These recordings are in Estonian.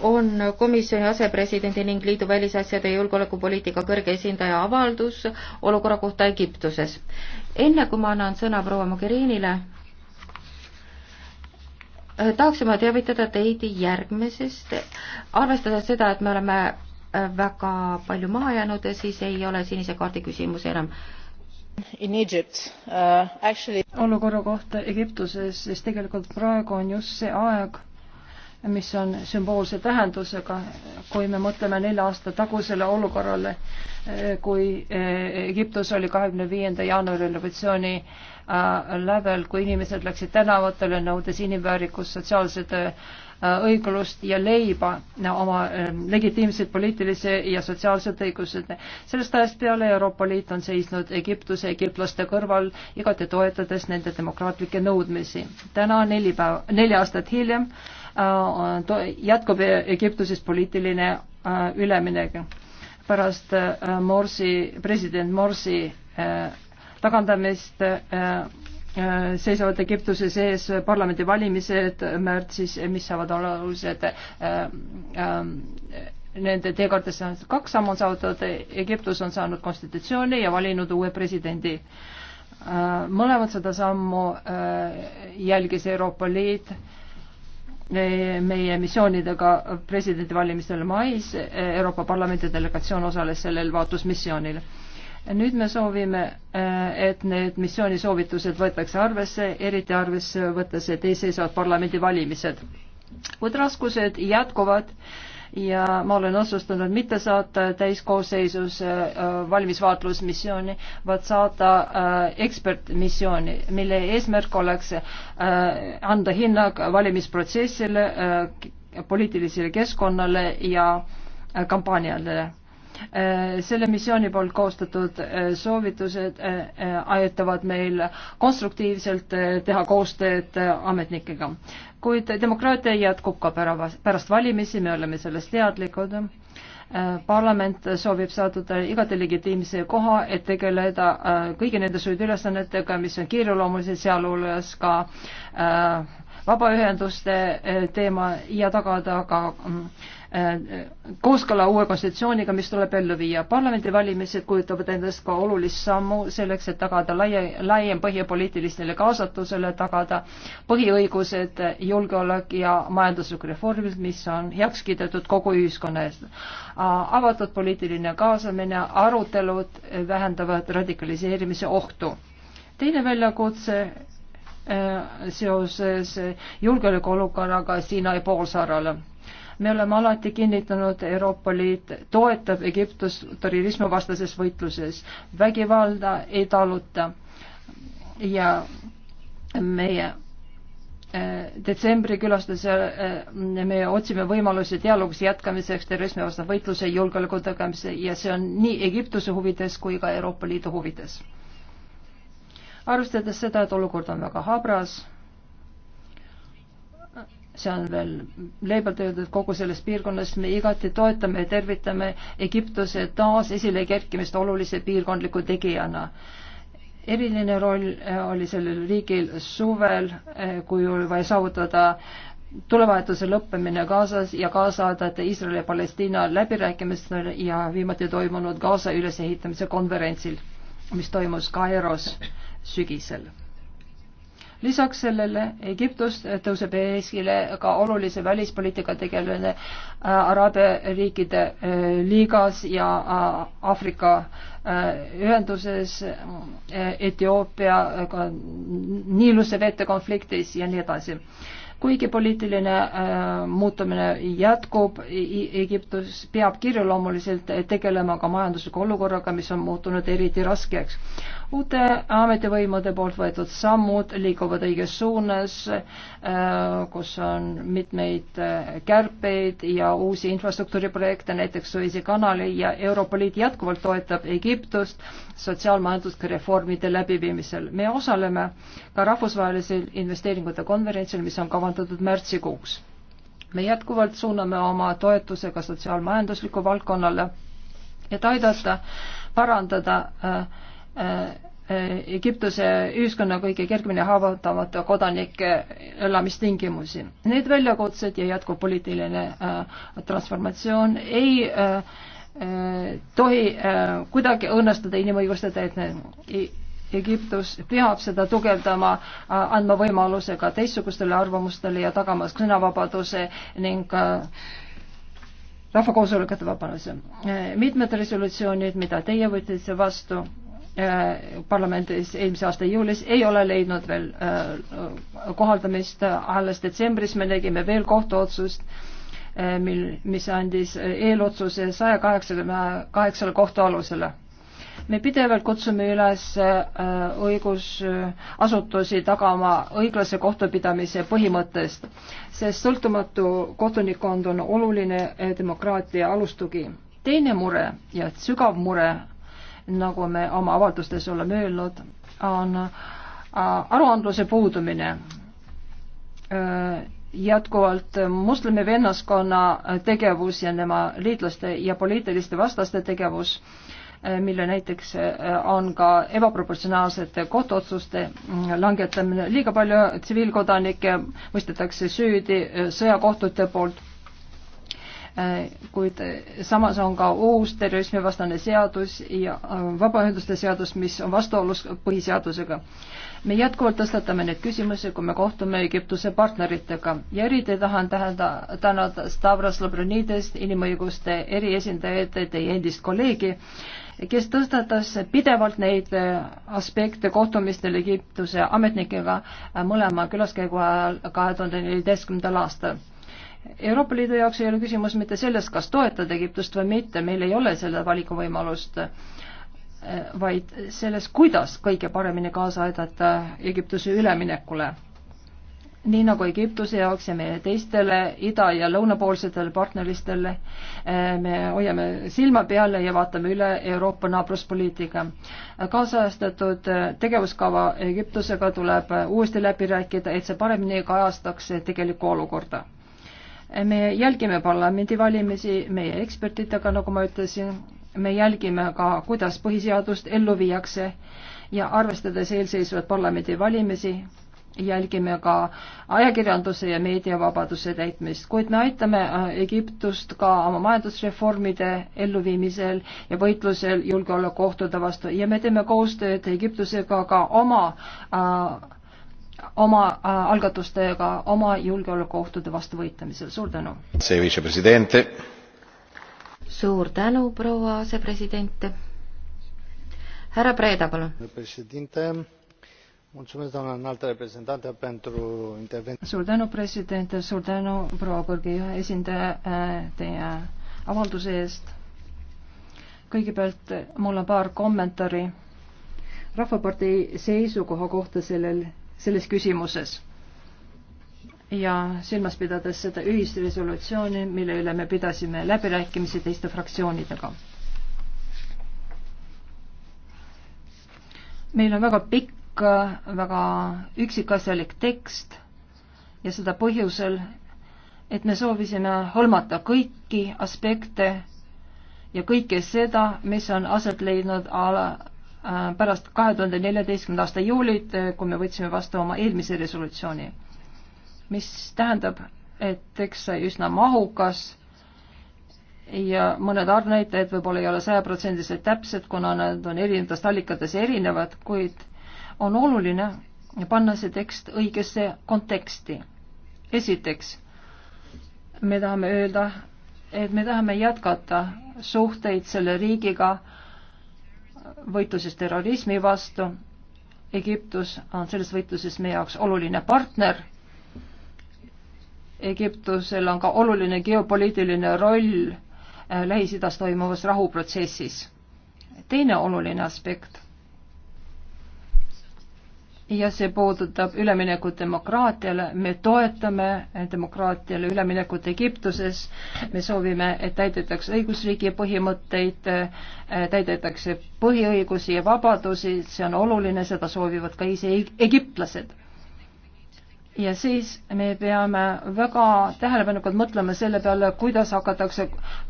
on komisjoni asepresidendi ning liidu välisasjade ja julgeolekupoliitika kõrge esindaja avaldus olukorra kohta Egiptuses. enne kui ma annan sõna proua Mogherinile, eh, tahaksime teavitada teid järgmisest, arvestades seda, et me oleme eh, väga palju maha jäänud, siis ei ole sinise kaardi küsimusi enam Egypt, uh, actually... olukorra kohta Egiptuses, siis tegelikult praegu on just see aeg, mis on sümboolse tähendusega, kui me mõtleme nelja aasta tagusele olukorrale, eh, kui eh, Egiptus oli kahekümne viienda jaanuari revolutsiooni eh, lävel, kui inimesed läksid tänavatele, nõudes inimväärikust, sotsiaalset õiglust ja leiba oma legitiimsed poliitilised ja sotsiaalsed õigused. sellest ajast peale Euroopa Liit on seisnud Egiptuse egiptlaste kõrval, igati toetades nende demokraatlikke nõudmisi. täna neli päeva, neli aastat hiljem Äh, jätkub Egiptuses poliitiline äh, üleminek. pärast äh, Morsi, president Morsi tagandamist seisavad Egiptuse sees parlamendivalimised märtsis, mis saavad olla olulised nende teekaartesse on kaks sammu saavutatud, Egiptus on saanud konstitutsiooni ja valinud uue presidendi. mõlemad seda sammu jälgis Euroopa Liit meie missioonidega presidendivalimistel mais. Euroopa Parlamendi delegatsioon osales sellel vaatlusmissioonil. nüüd me soovime, eh, et need missiooni soovitused võetakse arvesse, eriti arvesse võttes, et ees seisavad parlamendivalimised. kuid raskused jätkuvad äh, ja ma olen otsustanud mitte saata täiskoosseisus äh, valmisvaatlusmissiooni, vaid saata äh, ekspertmissiooni, mille eesmärk oleks äh, anda hinnang valimisprotsessile, poliitilisele keskkonnale ja kampaaniale Äh, selle missiooni poolt koostatud äh, soovitused äh, aitavad meil konstruktiivselt teha koostööd ametnikega. kuid demokraatia jätkub ka pärast valimisi, me oleme sellest teadlikud. parlament soovib saada igati legitiimse koha, et tegeleda kõigi nende suurte ülesannetega, mis on kiireloomulised, sealhulgas ka äh, vabaühenduste eh, teema ja tagada ka mm, eh, kooskõla uue konstitutsiooniga, mis tuleb ellu viia. parlamendivalimised kujutavad endast ka olulist sammu selleks, et tagada laia, laiem põhi poliitilistele kaasatusele, tagada põhiõigused, julgeolek ja majanduslik reform, mis on heaks kiidetud kogu ühiskonna eest. avatud poliitiline kaasamine, arutelud vähendavad radikaliseerimise ohtu. teine väljakutse Äh, seoses julgeolekuolukorraga Siinai poolsaarel. me oleme alati kinnitanud, Euroopa Liit toetab Egiptust terrorismivastases võitluses, vägivalda ei taluta ja meie äh, detsembri külastusel äh, me otsime võimalusi dialoogi jätkamiseks terrorismivastase võitluse, julgeoleku tagamise ja see on nii Egiptuse huvides kui ka Euroopa Liidu huvides arvestades seda, et olukord on väga habras, see on veel leibelt öeldud kogu selles piirkonnas, me igati toetame ja tervitame Egiptuse taas esilekerkimist olulise piirkondliku tegijana eriline roll äh, oli sellel riigil suvel, äh, kui oli vaja saavutada tulevahetuse lõppemine Gazas ja kaasa aidata Iisraeli ja Palestiina läbirääkimistel ja viimati toimunud Gaza ülesehitamise konverentsil, mis toimus Kairos ka sügisel. lisaks sellele Egiptus tõuseb eeskile ka olulise välispoliitika tegelane äh, Araabia riikide äh, liigas ja äh, Aafrika ühenduses, Etioopia Niiluse vete konfliktis ja nii edasi kuigi poliitiline äh, muutumine jätkub e, Egiptus peab kirjeloomuliselt tegelema ka majandusliku olukorraga, mis on muutunud eriti raskeks uute ametivõimude poolt võetud sammud liiguvad õiges suunas, äh, kus on mitmeid äh, kärpeid ja uusi infrastruktuuriprojekte, näiteks Suisi kanali ja Euroopa Liit jätkuvalt toetab Egiptust sotsiaalmajanduslike reformide läbiviimisel. me osaleme ka rahvusvahelisel investeeringute konverentsil, mis on kavandatud märtsikuuks. me jätkuvalt suuname oma toetuse ka sotsiaalmajandusliku valdkonnale, et aidata parandada äh, Äh, äh, Egiptuse ühiskonna kõige kergemini haavatavate kodanike äh, elamistingimusi. Need väljakutsed ja jätkuv poliitiline äh, transformatsioon ei äh, äh, tohi äh, kuidagi õnnestuda inimõiguste täitmine. E-, Egiptus peab seda tugevdama, andma võimaluse ka teistsugustele arvamustele ja tagama sõnavabaduse ning äh, rahvakoosolekute vabaduse. mitmed resolutsioonid, mida teie võtsite vastu, Äh, parlamendis eelmise aasta juulis ei ole leidnud veel äh, kohaldamist, alles detsembris me nägime veel kohtuotsust, äh, mil, mis andis eelotsuse saja kaheksakümne kaheksale kohtualusele. me pidevalt kutsume üles õigusasutusi tagama õiglase kohtupidamise põhimõttest, sest sõltumatu kohtunikkond on oluline demokraatia alustugi. teine mure ja sügav mure nagu me oma avaldustes oleme öelnud, on äh, aruandluse puudumine. Äh, jätkuvalt moslemi vennaskonna tegevus ja tema liitlaste ja poliitiliste vastaste tegevus, äh, mille näiteks on ka ebaproportsionaalsete kohtuotsuste langetamine, liiga palju tsiviilkodanikke mõistetakse süüdi sõjakohtute poolt Äh, kuid samas on ka uus terrorismivastane seadus ja äh, vabaühenduste seadus, mis on vastuolus põhiseadusega. me jätkuvalt tõstatame neid küsimusi, kui me kohtume Egiptuse partneritega ja eriti tahan tähenda, tänada Stavros Lobronidest, inimõiguste eriesindajaid, teie endist kolleegi, kes tõstatas pidevalt neid äh, aspekte kohtumistel Egiptuse ametnikega mõlema külaskäigu ajal kahe tuhande neljateistkümnendal aastal Euroopa Liidu jaoks ei ole küsimus mitte selles, kas toetada Egiptust või mitte, meil ei ole seda valikuvõimalust, äh, vaid selles, kuidas kõige paremini kaasa aidata Egiptuse üleminekule. nii nagu Egiptuse jaoks ja meie teistele ida- ja lõunapoolsetele partneristele, äh, me hoiame silma peale ja vaatame üle Euroopa naabruspoliitika. kaasajastatud äh, tegevuskava Egiptusega tuleb uuesti läbi rääkida, et see paremini kajastaks tegelikku olukorda me jälgime parlamendivalimisi meie ekspertidega, nagu ma ütlesin, me jälgime ka, kuidas põhiseadust ellu viiakse ja arvestades eelseisvat parlamendivalimisi, jälgime ka ajakirjanduse ja meediavabaduse täitmist, kuid me aitame äh, Egiptust ka oma majandusreformide elluviimisel ja võitlusel julgeolekuohtude vastu ja me teeme koostööd Egiptusega ka oma äh, oma äh, algatustega oma julgeolekuohtude vastu võitlemisel. suur tänu! suur tänu, proua asepresident! härra Preeda, palun! mulțumesc doamnă înalt reprezentantă pentru intervenție. Suur tänu, president, suur tänu, proua kõrge esindaja, äh, teie avalduse eest. kõigepealt mul on paar kommentaari Rahvapartei seisukoha kohta sellel selles küsimuses. ja silmas pidades seda ühisresolutsiooni, mille üle me pidasime läbirääkimisi teiste fraktsioonidega. meil on väga pikk, väga üksikasjalik tekst ja seda põhjusel, et me soovisime hõlmata kõiki aspekte ja kõike seda, mis on aset leidnud ala, Äh, pärast kahe tuhande neljateistkümnenda aasta juulit, äh, kui me võtsime vastu oma eelmise resolutsiooni, mis tähendab, et tekst sai üsna mahukas ja mõned arvnäitajad võib-olla ei ole sajaprotsendiliselt täpsed, kuna nad on erinevates allikates erinevad, kuid on oluline panna see tekst õigesse konteksti. esiteks, me tahame öelda, et me tahame jätkata suhteid selle riigiga, võitluses terrorismi vastu. Egiptus on selles võitluses meie jaoks oluline partner. Egiptusel on ka oluline geopoliitiline roll äh, Lähis-Idas toimuvas rahuprotsessis. teine oluline aspekt ja see puudutab üleminekut demokraatiale, me toetame demokraatiale üleminekut Egiptuses, me soovime, et täidetaks õigusriigi põhimõtteid, äh, täidetakse põhiõigusi ja vabadusi, see on oluline, seda soovivad ka ise e-, egiptlased. ja siis me peame väga tähelepanelikult mõtlema selle peale, kuidas hakatakse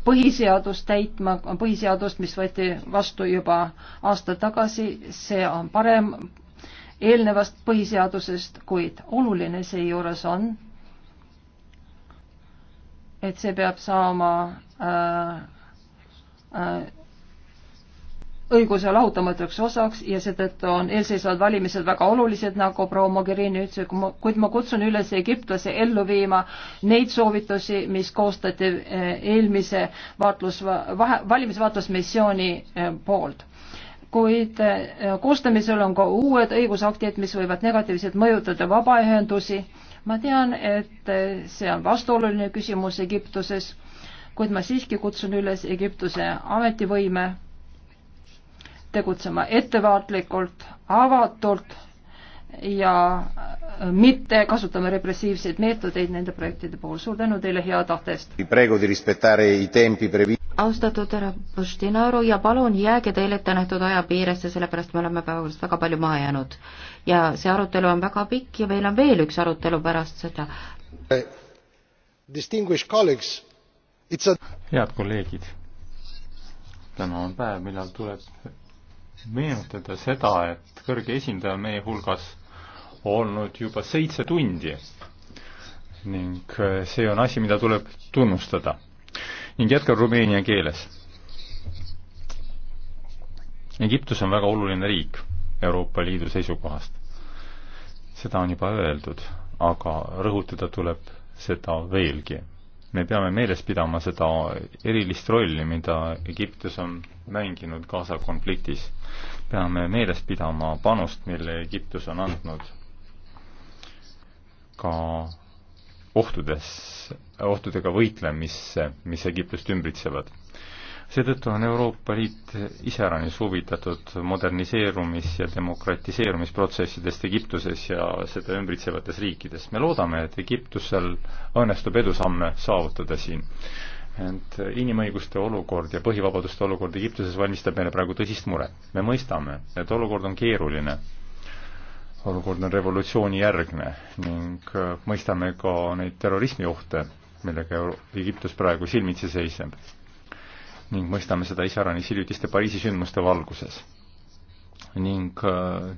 põhiseadust täitma, põhiseadust, mis võeti vastu juba aasta tagasi, see on parem eelnevast põhiseadusest, kuid oluline seejuures on, et see peab saama äh, äh, õiguse lahutamatuks osaks ja seetõttu on eelseisvad valimised väga olulised, nagu proua Mogherini ütles, kuid ma kutsun üles egiptlasi ellu viima neid soovitusi, mis koostati äh, eelmise vaatlus, valimisvaatlusmissiooni äh, poolt kuid äh, koostamisel on ka uued õigusaktid, mis võivad negatiivselt mõjutada vabaühendusi. ma tean, et äh, see on vastuoluline küsimus Egiptuses, kuid ma siiski kutsun üles Egiptuse ametivõime tegutsema ettevaatlikult, avatult ja mitte kasutama repressiivseid meetodeid nende projektide puhul. suur tänu teile hea tahte eest! austatud härra Puštinaru ja palun jääge teile ettenähtud aja piiresse, sellepärast me oleme päevakorrast väga palju maha jäänud. ja see arutelu on väga pikk ja meil on veel üks arutelu pärast seda. head kolleegid, täna on päev, millal tuleb meenutada seda, et kõrge esindaja meie hulgas olnud juba seitse tundi ning äh, see on asi, mida tuleb tunnustada. ning jätkan rumeenia keeles. Egiptus on väga oluline riik Euroopa Liidu seisukohast. seda on juba öeldud, aga rõhutada tuleb seda veelgi. me peame meeles pidama seda erilist rolli, mida Egiptus on mänginud Gaza konfliktis. peame meeles pidama panust, mille Egiptus on andnud ka ohtudes, ohtudega võitlemisse, mis Egiptust ümbritsevad. seetõttu on Euroopa Liit iseäranis huvitatud moderniseerumis- ja demokratiseerumisprotsessidest Egiptuses ja seda ümbritsevates riikides. me loodame, et Egiptusel õnnestub edusamme saavutada siin. ent inimõiguste olukord ja põhivabaduste olukord Egiptuses valmistab meile praegu tõsist muret. me mõistame, et olukord on keeruline olukord on revolutsioonijärgne ning äh, mõistame ka neid terrorismiohte, millega Egiptus praegu silmitsi seisneb. ning mõistame seda iseäranis hiljutiste Pariisi sündmuste valguses. ning äh,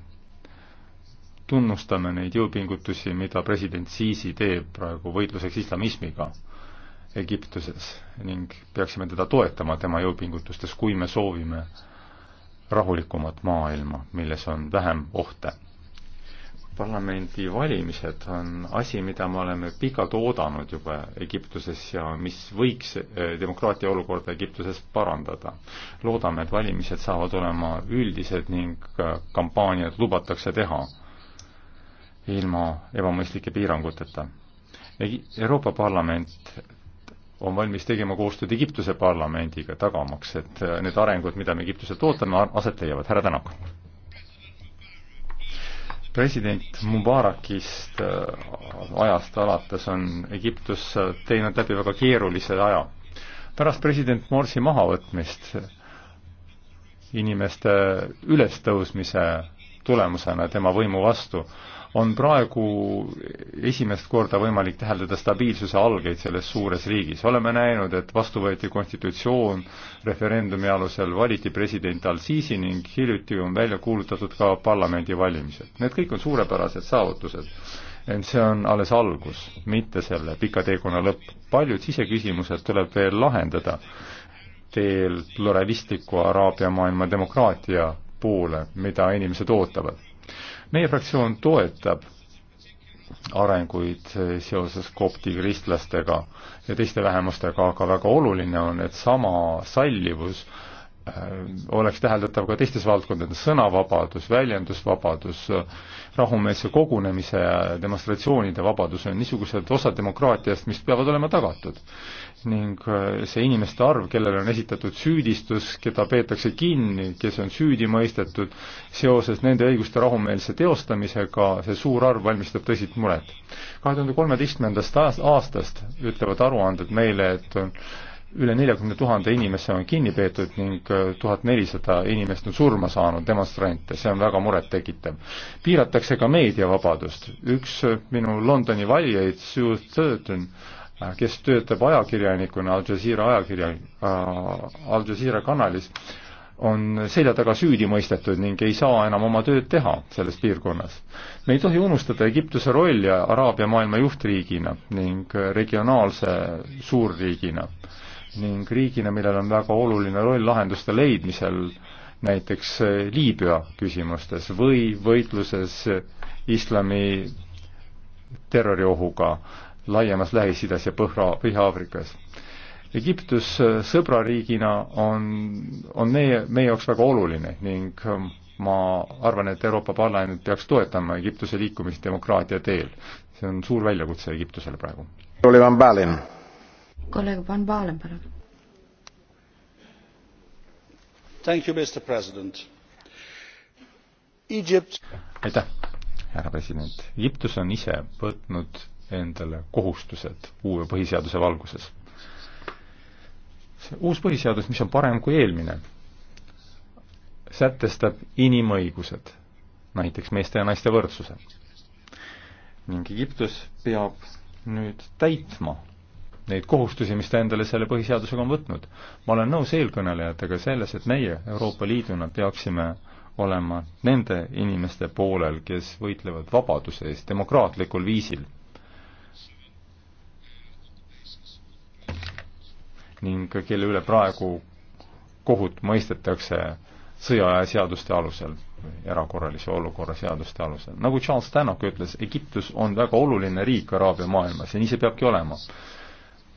tunnustame neid jõupingutusi, mida president Sisi teeb praegu võitluseks islamismiga Egiptuses ning peaksime teda toetama tema jõupingutustes, kui me soovime rahulikumat maailma, milles on vähem ohte parlamendivalimised on asi, mida me oleme pikalt oodanud juba Egiptuses ja mis võiks eh, demokraatia olukorda Egiptuses parandada. loodame, et valimised saavad olema üldised ning kampaaniad lubatakse teha ilma ebamõistlike piiranguteta. Euroopa Parlament on valmis tegema koostööd Egiptuse parlamendiga, tagamaks, et need arengud, mida me Egiptuselt ootame, aset leiavad. härra Tänak president Mubarakist äh, ajast alates on Egiptus äh, teinud läbi väga keerulise aja. pärast president Morsi mahavõtmist äh, inimeste ülestõusmise tulemusena tema võimu vastu on praegu esimest korda võimalik täheldada stabiilsuse algeid selles suures riigis. oleme näinud, et vastu võeti konstitutsioon, referendumi alusel valiti president Al-Sisi ning hiljuti on välja kuulutatud ka parlamendivalimised. Need kõik on suurepärased saavutused. ent see on alles algus, mitte selle pika teekonna lõpp. paljud siseküsimused tuleb veel lahendada teel pluralistliku araabia maailma demokraatia poole, mida inimesed ootavad meie fraktsioon toetab arenguid seoses kopti kristlastega ja teiste vähemustega, aga väga oluline on, et sama sallivus äh, oleks täheldatav ka teistes valdkondades, sõnavabadus, väljendusvabadus, rahumeelse kogunemise ja demonstratsioonide vabadus on niisugused osad demokraatiast, mis peavad olema tagatud ning äh, see inimeste arv, kellele on esitatud süüdistus, keda peetakse kinni, kes on süüdi mõistetud seoses nende õiguste rahumeelse teostamisega, see suur arv valmistab tõsist muret. kahe tuhande kolmeteistkümnendast aastast ütlevad aruanded meile, et üle neljakümne tuhande inimese on kinni peetud ning äh, tuhat nelisada inimest on surma saanud demonstrante, see on väga murettekitav. piiratakse ka meediavabadust, üks äh, minu Londoni valijaid, Sue Thurton, kes töötab ajakirjanikuna Al Jazeera ajakirja, äh, Al Jazeera kanalis, on selja taga süüdi mõistetud ning ei saa enam oma tööd teha selles piirkonnas. me ei tohi unustada Egiptuse rolli Araabia maailma juhtriigina ning regionaalse suurriigina ning riigina, millel on väga oluline roll lahenduste leidmisel näiteks äh, Liibüa küsimustes või võitluses islami terroriohuga laiemas Lähis-Idas ja Põhra, Põhja-Aafrikas. Egiptus äh, sõbrariigina on, on meie, meie jaoks väga oluline ning ähm, ma arvan, et Euroopa Parlament peaks toetama Egiptuse liikumist demokraatia teel. see on suur väljakutse Egiptusele praegu. kolleeg Van Balen, palun. aitäh, härra president. Egiptus on ise võtnud endale kohustused uue põhiseaduse valguses. see uus põhiseadus, mis on parem kui eelmine, sätestab inimõigused, näiteks meeste ja naiste võrdsuse. ning Egiptus peab nüüd täitma neid kohustusi, mis ta endale selle põhiseadusega on võtnud. ma olen nõus eelkõnelejatega selles, et meie Euroopa Liiduna peaksime olema nende inimeste poolel, kes võitlevad vabaduse eest demokraatlikul viisil ning kelle üle praegu kohut mõistetakse sõjaaja seaduste alusel, erakorralise olukorra seaduste alusel. nagu Charles Tannock ütles, Egiptus on väga oluline riik Araabia maailmas ja nii see peabki olema.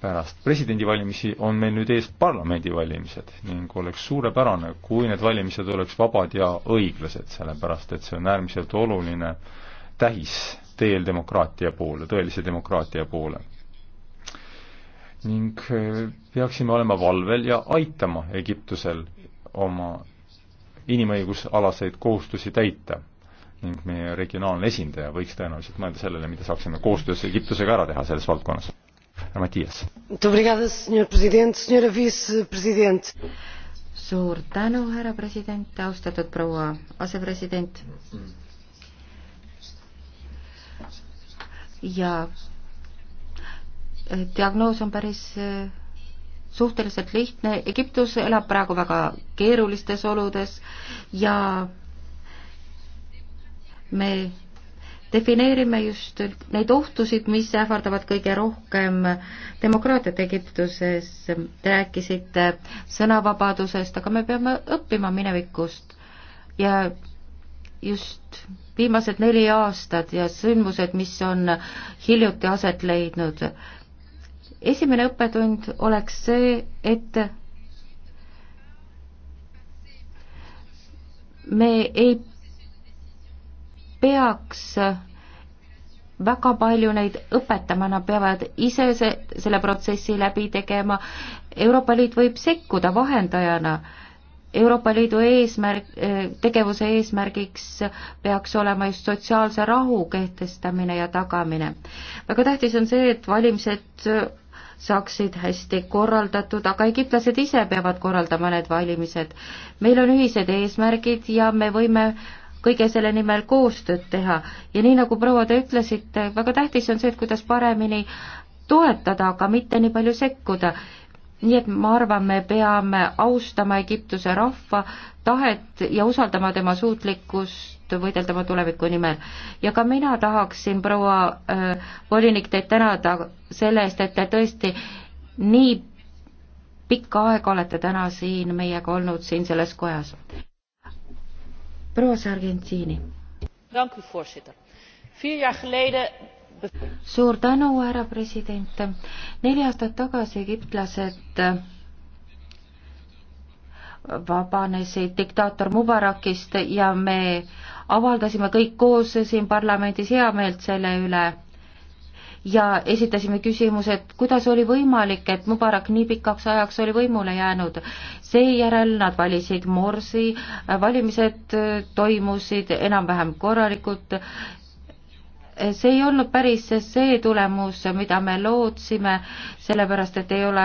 pärast presidendivalimisi on meil nüüd ees parlamendivalimised ning oleks suurepärane, kui need valimised oleks vabad ja õiglased, sellepärast et see on äärmiselt oluline tähis teel demokraatia poole, tõelise demokraatia poole ning eh, peaksime olema valvel ja aitama Egiptusel oma inimõigusalaseid kohustusi täita. ning meie regionaalne esindaja võiks tõenäoliselt mõelda sellele, mida saaksime koostöös Egiptusega ära teha selles valdkonnas. härra Matias. suur tänu, härra president, austatud proua asepresident. ja diagnoos on päris äh, suhteliselt lihtne. Egiptus elab praegu väga keerulistes oludes ja me defineerime just neid ohtusid, mis ähvardavad kõige rohkem demokraatiat Egiptuses. Te rääkisite sõnavabadusest, aga me peame õppima minevikust ja just viimased neli aastat ja sündmused, mis on hiljuti aset leidnud, esimene õppetund oleks see, et me ei peaks väga palju neid õpetama, nad peavad ise see, selle protsessi läbi tegema. Euroopa Liit võib sekkuda vahendajana. Euroopa Liidu eesmärk, tegevuse eesmärgiks peaks olema just sotsiaalse rahu kehtestamine ja tagamine. väga tähtis on see, et valimised saaksid hästi korraldatud, aga egiptlased ise peavad korraldama need valimised. meil on ühised eesmärgid ja me võime kõige selle nimel koostööd teha ja nii, nagu proua, te ütlesite, väga tähtis on see, et kuidas paremini toetada, aga mitte nii palju sekkuda nii et ma arvan, me peame austama Egiptuse rahva tahet ja usaldama tema suutlikkust võidelda oma tuleviku nimel. ja ka mina tahaksin, proua äh, volinik, teid tänada selle eest, et te tõesti nii pikka aega olete täna siin meiega olnud, siin selles kojas. proua Sargentini suur tänu, härra president. neli aastat tagasi egiptlased vabanesid diktaator Mubarakist ja me avaldasime kõik koos siin parlamendis heameelt selle üle ja esitasime küsimuse, et kuidas oli võimalik, et Mubarak nii pikaks ajaks oli võimule jäänud. seejärel nad valisid Morsi, valimised toimusid enam-vähem korralikult see ei olnud päris see tulemus, mida me lootsime, sellepärast et ei ole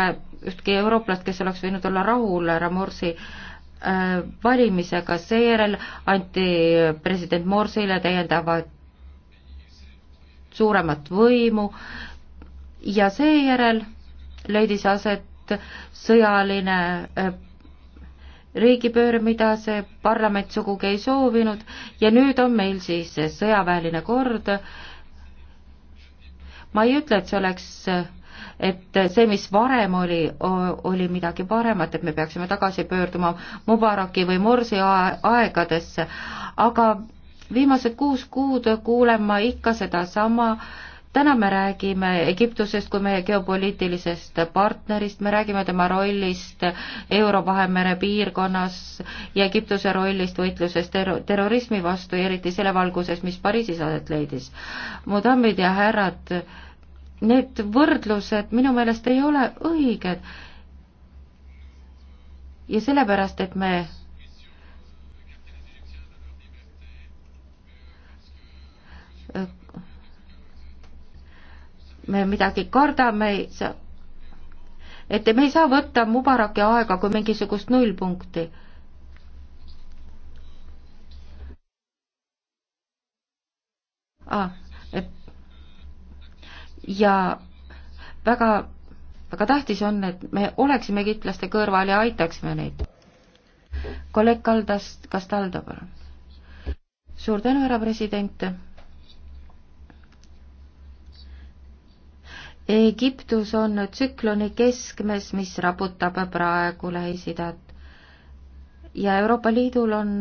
ühtki eurooplast, kes oleks võinud olla rahul härra Morsi äh, valimisega, seejärel anti president Morsile täiendavat suuremat võimu ja seejärel leidis aset sõjaline äh, riigipööre, mida see parlament sugugi ei soovinud ja nüüd on meil siis sõjaväeline kord. ma ei ütle, et see oleks, et see, mis varem oli, oli midagi paremat, et me peaksime tagasi pöörduma Mubaraki või Morsi aegadesse, aga viimased kuus kuud kuulen ma ikka sedasama äh, täna me räägime Egiptusest kui meie geopoliitilisest partnerist, me räägime tema rollist Euro-Vahemere piirkonnas ja Egiptuse rollist võitluses terro-, terrorismi vastu ja eriti selle valguses, mis Pariisis aset leidis. mu daamid ja härrad, need võrdlused minu meelest ei ole õiged ja sellepärast, et me me midagi kardame, et me ei saa võtta Mubaraki aega kui mingisugust nullpunkti. Ah, et ja väga, väga tähtis on, et me oleksime kitlaste kõrval ja aitaksime neid. kolleeg Kaldas, Kastaldo, palun. suur tänu, härra president Egiptus on tsükloni keskmes, mis raputab praegu Lähis-Idat. ja Euroopa Liidul on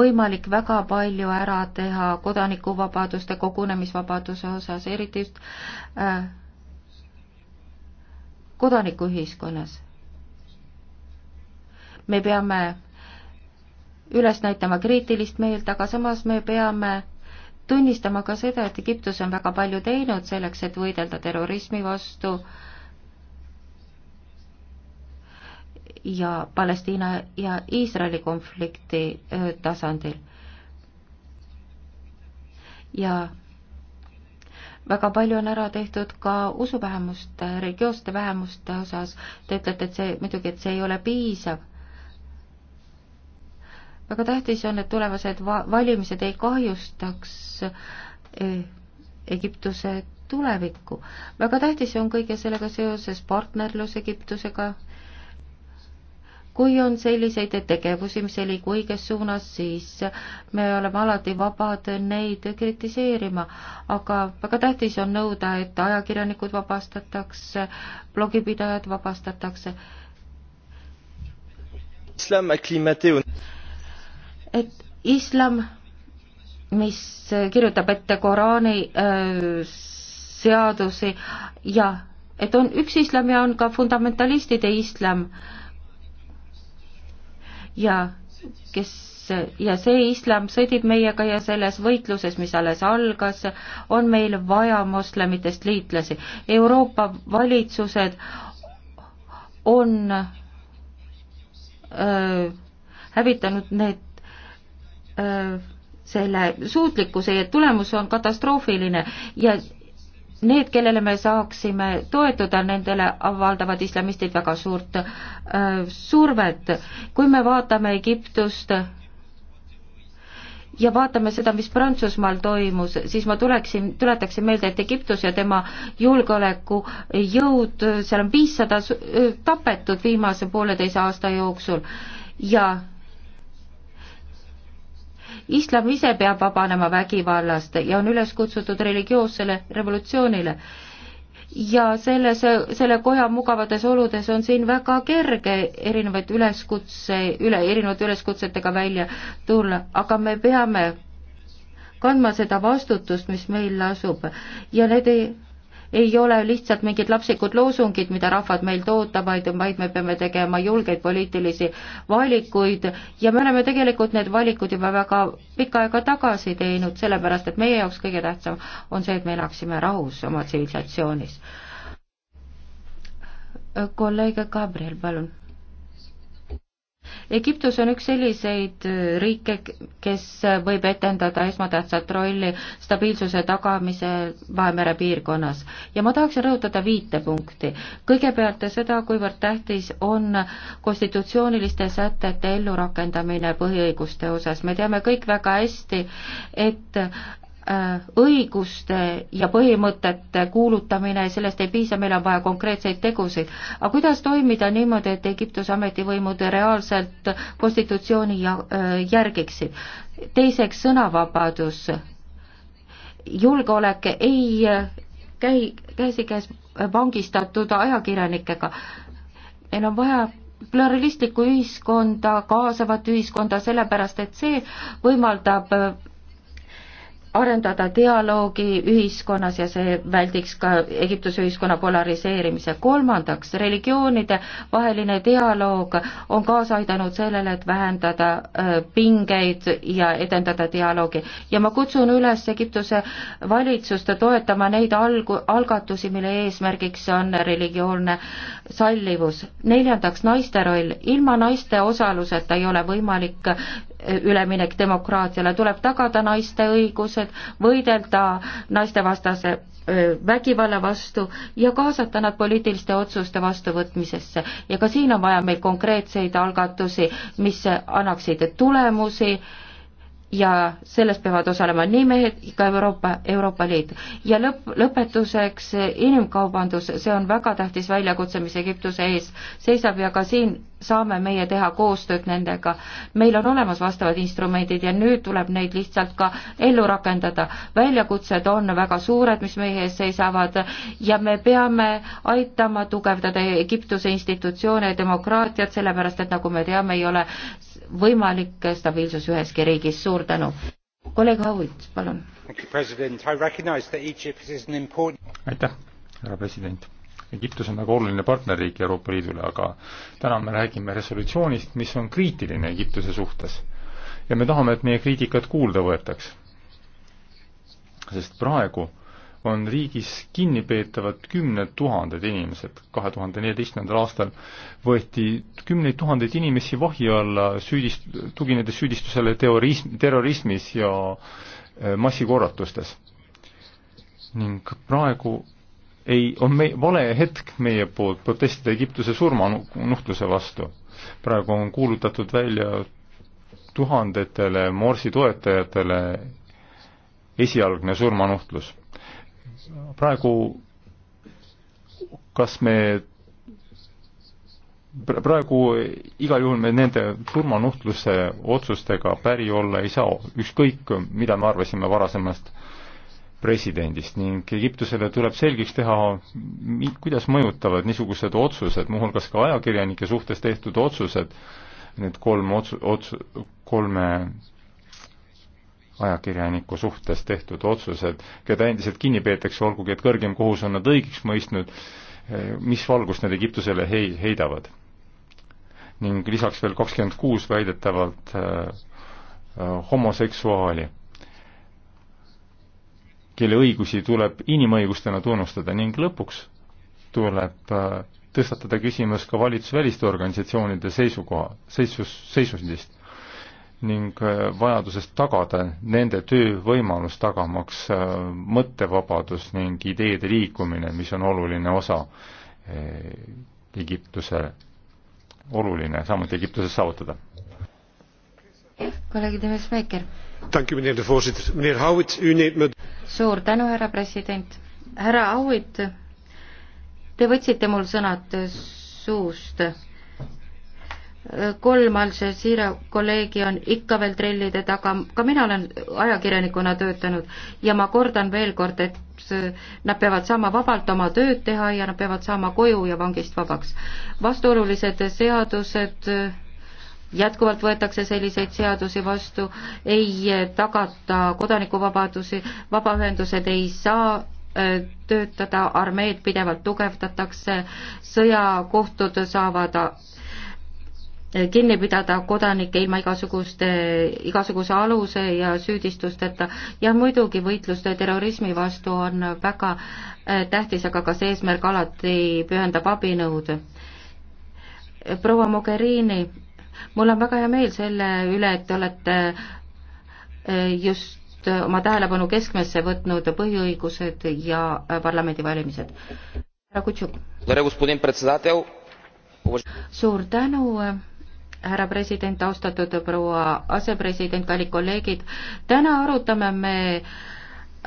võimalik väga palju ära teha kodanikuvabaduste, kogunemisvabaduse osas, eriti just äh, kodanikuühiskonnas. me peame üles näitama kriitilist meelt, aga samas me peame tunnistama ka seda, et Egiptus on väga palju teinud selleks, et võidelda terrorismi vastu ja Palestiina ja Iisraeli konflikti tasandil. ja väga palju on ära tehtud ka usuvähemuste, religioossete vähemuste osas, te ütlete, et see, muidugi, et see ei ole piisav väga tähtis on, et tulevased va-, valimised ei kahjustaks eh, Egiptuse tulevikku. väga tähtis on kõige sellega seoses partnerlus Egiptusega, kui on selliseid tegevusi, mis ei liigu õiges suunas, siis me oleme alati vabad neid kritiseerima, aga väga tähtis on nõuda, et ajakirjanikud vabastatakse, blogipidajad vabastatakse. islam acclimaté au et islam, mis kirjutab ette Koraani öö, äh, seadusi ja et on üks islam ja on ka fundamentalistide islam ja kes ja see islam sõdib meiega ja selles võitluses, mis alles algas, on meil vaja moslemitest liitlasi. Euroopa valitsused on öö, äh, hävitanud need selle suutlikkuse ja tulemus on katastroofiline ja need, kellele me saaksime toetuda, nendele avaldavad islamistid väga suurt äh, survet. kui me vaatame Egiptust ja vaatame seda, mis Prantsusmaal toimus, siis ma tuleksin, tuletaksin meelde, et Egiptus ja tema julgeolekujõud, seal on viissada tapetud viimase pooleteise aasta jooksul ja islam ise peab vabanema vägivallast ja on üles kutsutud religioossele revolutsioonile. ja selles, selle koja mugavates oludes on siin väga kerge erinevaid üleskutse, üle, erinevate üleskutsetega välja tulla, aga me peame kandma seda vastutust, mis meil lasub ja need ei ei ole lihtsalt mingid lapsikud loosungid, mida rahvad meilt ootavad, vaid me peame tegema julgeid poliitilisi valikuid ja me oleme tegelikult need valikud juba väga pikka aega tagasi teinud, sellepärast et meie jaoks kõige tähtsam on see, et me elaksime rahus oma tsivilisatsioonis. kolleeg Gabriel, palun Egiptus on üks selliseid äh, riike, kes võib etendada esmatähtsat rolli stabiilsuse tagamisel Vahemere piirkonnas ja ma tahaksin rõhutada viite punkti. kõigepealt seda, kuivõrd tähtis on konstitutsiooniliste sätete ellurakendamine põhiõiguste osas. me teame kõik väga hästi, et Äh, õiguste ja põhimõtete kuulutamine, sellest ei piisa, meil on vaja konkreetseid tegusid. aga kuidas toimida niimoodi, et Egiptuse ametivõimud reaalselt konstitutsiooni ja, äh, järgiksid? teiseks, sõnavabadus. julgeolek ei äh, käi käsikäes vangistatud ajakirjanikega. meil on vaja pluralistlikku ühiskonda, kaasavat ühiskonda, sellepärast et see võimaldab arendada dialoogi ühiskonnas ja see väldiks ka Egiptuse ühiskonna polariseerimise. kolmandaks, religioonide vaheline dialoog on kaasa aidanud sellele, et vähendada äh, pingeid ja edendada dialoogi. ja ma kutsun üles Egiptuse valitsust toetama neid alg-, algatusi, mille eesmärgiks on religioonne sallivus. neljandaks, naiste roll. ilma naiste osaluseta ei ole võimalik üleminek demokraatiale, tuleb tagada naiste õigused, võidelda naistevastase vägivalla vastu ja kaasata nad poliitiliste otsuste vastuvõtmisesse. ja ka siin on vaja meil konkreetseid algatusi, mis annaksid tulemusi ja selles peavad osalema nii mehed ka Euroopa, Euroopa Liit. ja lõpp, lõpetuseks inimkaubandus, see on väga tähtis väljakutse, mis Egiptuse ees seisab ja ka siin saame meie teha koostööd nendega. meil on olemas vastavad instrumendid ja nüüd tuleb neid lihtsalt ka ellu rakendada. väljakutsed on väga suured, mis meie ees seisavad ja me peame aitama tugevdada Egiptuse institutsioone ja demokraatiat, sellepärast et nagu me teame, ei ole võimalik stabiilsus üheski riigis. suur tänu. kolleeg Haavult, palun. aitäh, härra president Egiptus on väga oluline partnerriik Euroopa Liidule, aga täna me räägime resolutsioonist, mis on kriitiline Egiptuse suhtes. ja me tahame, et meie kriitikat kuulda võetaks. sest praegu on riigis kinni peetavad kümned tuhanded inimesed. kahe tuhande neljateistkümnendal aastal võeti kümneid tuhandeid inimesi vahi alla süüdist-, tuginedes süüdistusele teorism, terrorismis ja eh, massikorratustes. ning praegu ei, on me-, vale hetk meie poolt protestida Egiptuse surmanuhtluse vastu. praegu on kuulutatud välja tuhandetele Morsi toetajatele esialgne surmanuhtlus. praegu kas me praegu igal juhul me nende surmanuhtluse otsustega päri olla ei saa, ükskõik mida me arvasime varasemast äh, presidendist ning Egiptusele tuleb selgeks teha, kuidas mõjutavad niisugused otsused, muuhulgas ka ajakirjanike suhtes tehtud otsused, need kolm ots-, ots-, kolme ajakirjaniku suhtes tehtud otsused, keda endiselt kinni peetakse, olgugi et kõrgem kohus on nad õigeks mõistnud, mis valgust nad Egiptusele hei-, heidavad. ning lisaks veel kakskümmend kuus väidetavalt äh, äh homoseksuaali kelle õigusi tuleb inimõigustena tunnustada ning lõpuks tuleb äh, tõstatada küsimus ka valitsusväliste organisatsioonide seisukoha, seisus, seisundist ning äh, vajadusest tagada nende töövõimalus, tagamaks äh, mõttevabadus ning ideede liikumine, mis on oluline osa Egiptuse, oluline samuti Egiptuses saavutada. kolleeg Demes Meiker voorzitter mijnheer howitt u neemt me. suur tänu härra president härra howitt te võtsite mul sõnad suust kolm Al Jazeera kolleegi on ikka veel trellide taga, ka mina olen ajakirjanikuna töötanud ja ma kordan veel kord, et nad peavad saama vabalt oma tööd teha ja nad peavad saama koju ja vangist vabaks. vastuolulised seadused jätkuvalt võetakse selliseid seadusi vastu, ei tagata kodanikuvabadusi, vabaühendused ei saa äh, töötada, armeed pidevalt tugevdatakse, sõjakohtud saavad äh, kinni pidada kodanikke ilma igasuguste, igasuguse aluse ja süüdistusteta ja muidugi võitlus terrorismi vastu on väga äh, tähtis, aga ka see eesmärk alati pühendab abinõud. proua Mogherini mul on väga hea meel selle üle, et te olete eh, just eh, oma tähelepanu keskmesse võtnud põhiõigused ja eh, parlamendivalimised. härra Kutšuk. suur tänu härra president, austatud proua asepresident, kallid kolleegid, täna arutame me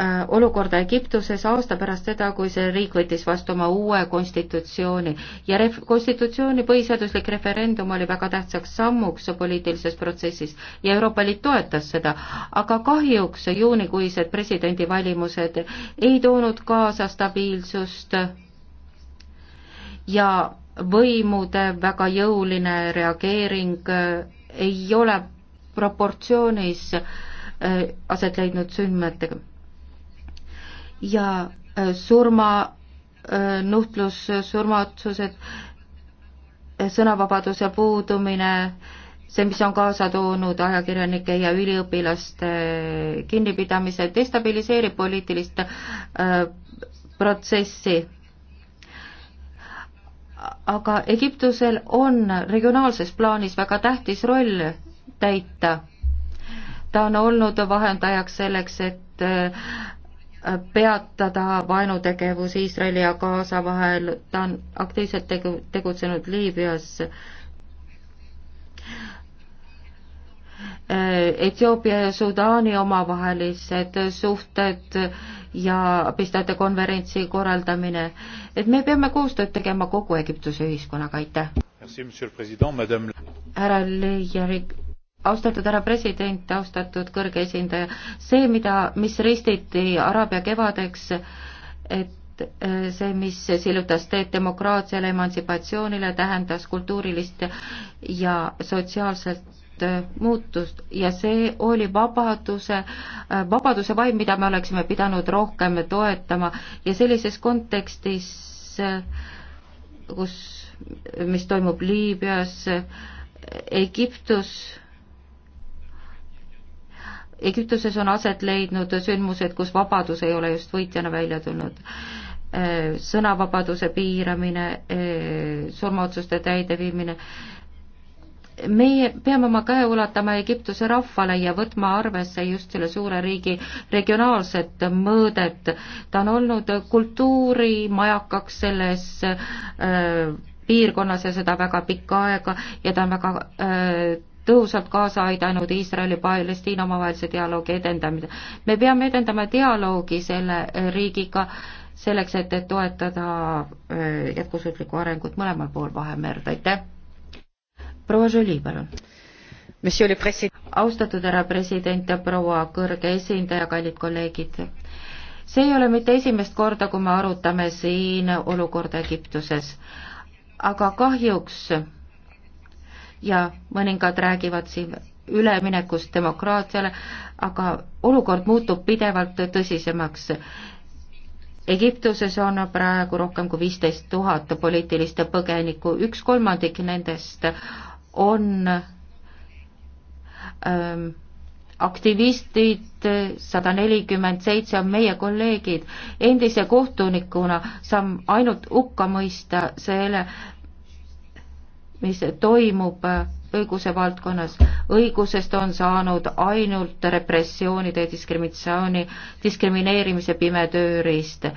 Äh, olukorda Egiptuses aasta pärast seda, kui see riik võttis vastu oma uue konstitutsiooni ja ref-, konstitutsiooni põhiseaduslik referendum oli väga tähtsaks sammuks poliitilises protsessis ja Euroopa Liit toetas seda, aga kahjuks juunikuised presidendivalimused ei toonud kaasa stabiilsust ja võimude väga jõuline reageering äh, ei ole proportsioonis äh, aset leidnud sündmetega ja äh, surma, äh, nuhtlus, surmaotsused, äh, sõnavabaduse puudumine, see, mis on kaasa toonud ajakirjanike ja üliõpilaste kinnipidamise, destabiliseerib poliitilist protsessi. aga Egiptusel on regionaalses plaanis väga tähtis roll täita. ta on olnud vahendajaks selleks, et peatada vaenutegevus Iisraeli ja Gaza vahel, ta on aktiivselt tegu-, tegutsenud Liibüas. Etioopia ja Sudaani omavahelised suhted ja pistate konverentsi korraldamine, et me peame koostööd tegema kogu Egiptuse ühiskonnaga, aitäh! härra Leijärik austatud härra president, austatud kõrge esindaja, see, mida, mis ristiti Araabia kevadeks, et äh, see, mis sillutas teed demokraatiale, emantsipatsioonile, tähendas kultuurilist ja sotsiaalset äh, muutust ja see oli vabaduse, äh, vabaduse vaim, mida me oleksime pidanud rohkem toetama ja sellises kontekstis, kus, mis toimub Liibüas, Egiptus, Egiptuses on aset leidnud sündmused, kus vabadus ei ole just võitjana välja tulnud. Äh, sõnavabaduse piiramine, äh, surmaotsuste täideviimine, meie peame oma käe ulatama Egiptuse rahvale ja võtma arvesse just selle suure riigi regionaalset mõõdet. ta on olnud kultuurimajakaks selles äh, piirkonnas ja seda väga pikka aega ja ta on väga äh, tõhusalt kaasa aidanud Iisraeli Palestiina omavahelise dialoogi edendamine. me peame edendama dialoogi selle äh, riigiga selleks, et, et toetada äh, jätkusuutlikku arengut mõlemal pool Vahemerd, aitäh! proua Jolie, palun! austatud härra president ja proua kõrge esindaja, kallid kolleegid! see ei ole mitte esimest korda, kui me arutame siin olukorda Egiptuses, aga kahjuks ja mõningad räägivad siin üleminekust demokraatiale, aga olukord muutub pidevalt tõsisemaks. Egiptuses on praegu rohkem kui viisteist tuhat poliitiliste põgenikku, üks kolmandik nendest on ähm, aktivistid, sada nelikümmend seitse on meie kolleegid, endise kohtunikuna saan ainult hukka mõista selle, mis toimub õiguse valdkonnas. õigusest on saanud ainult repressioonide ja diskriminatsiooni, diskrimineerimise pime tööriist.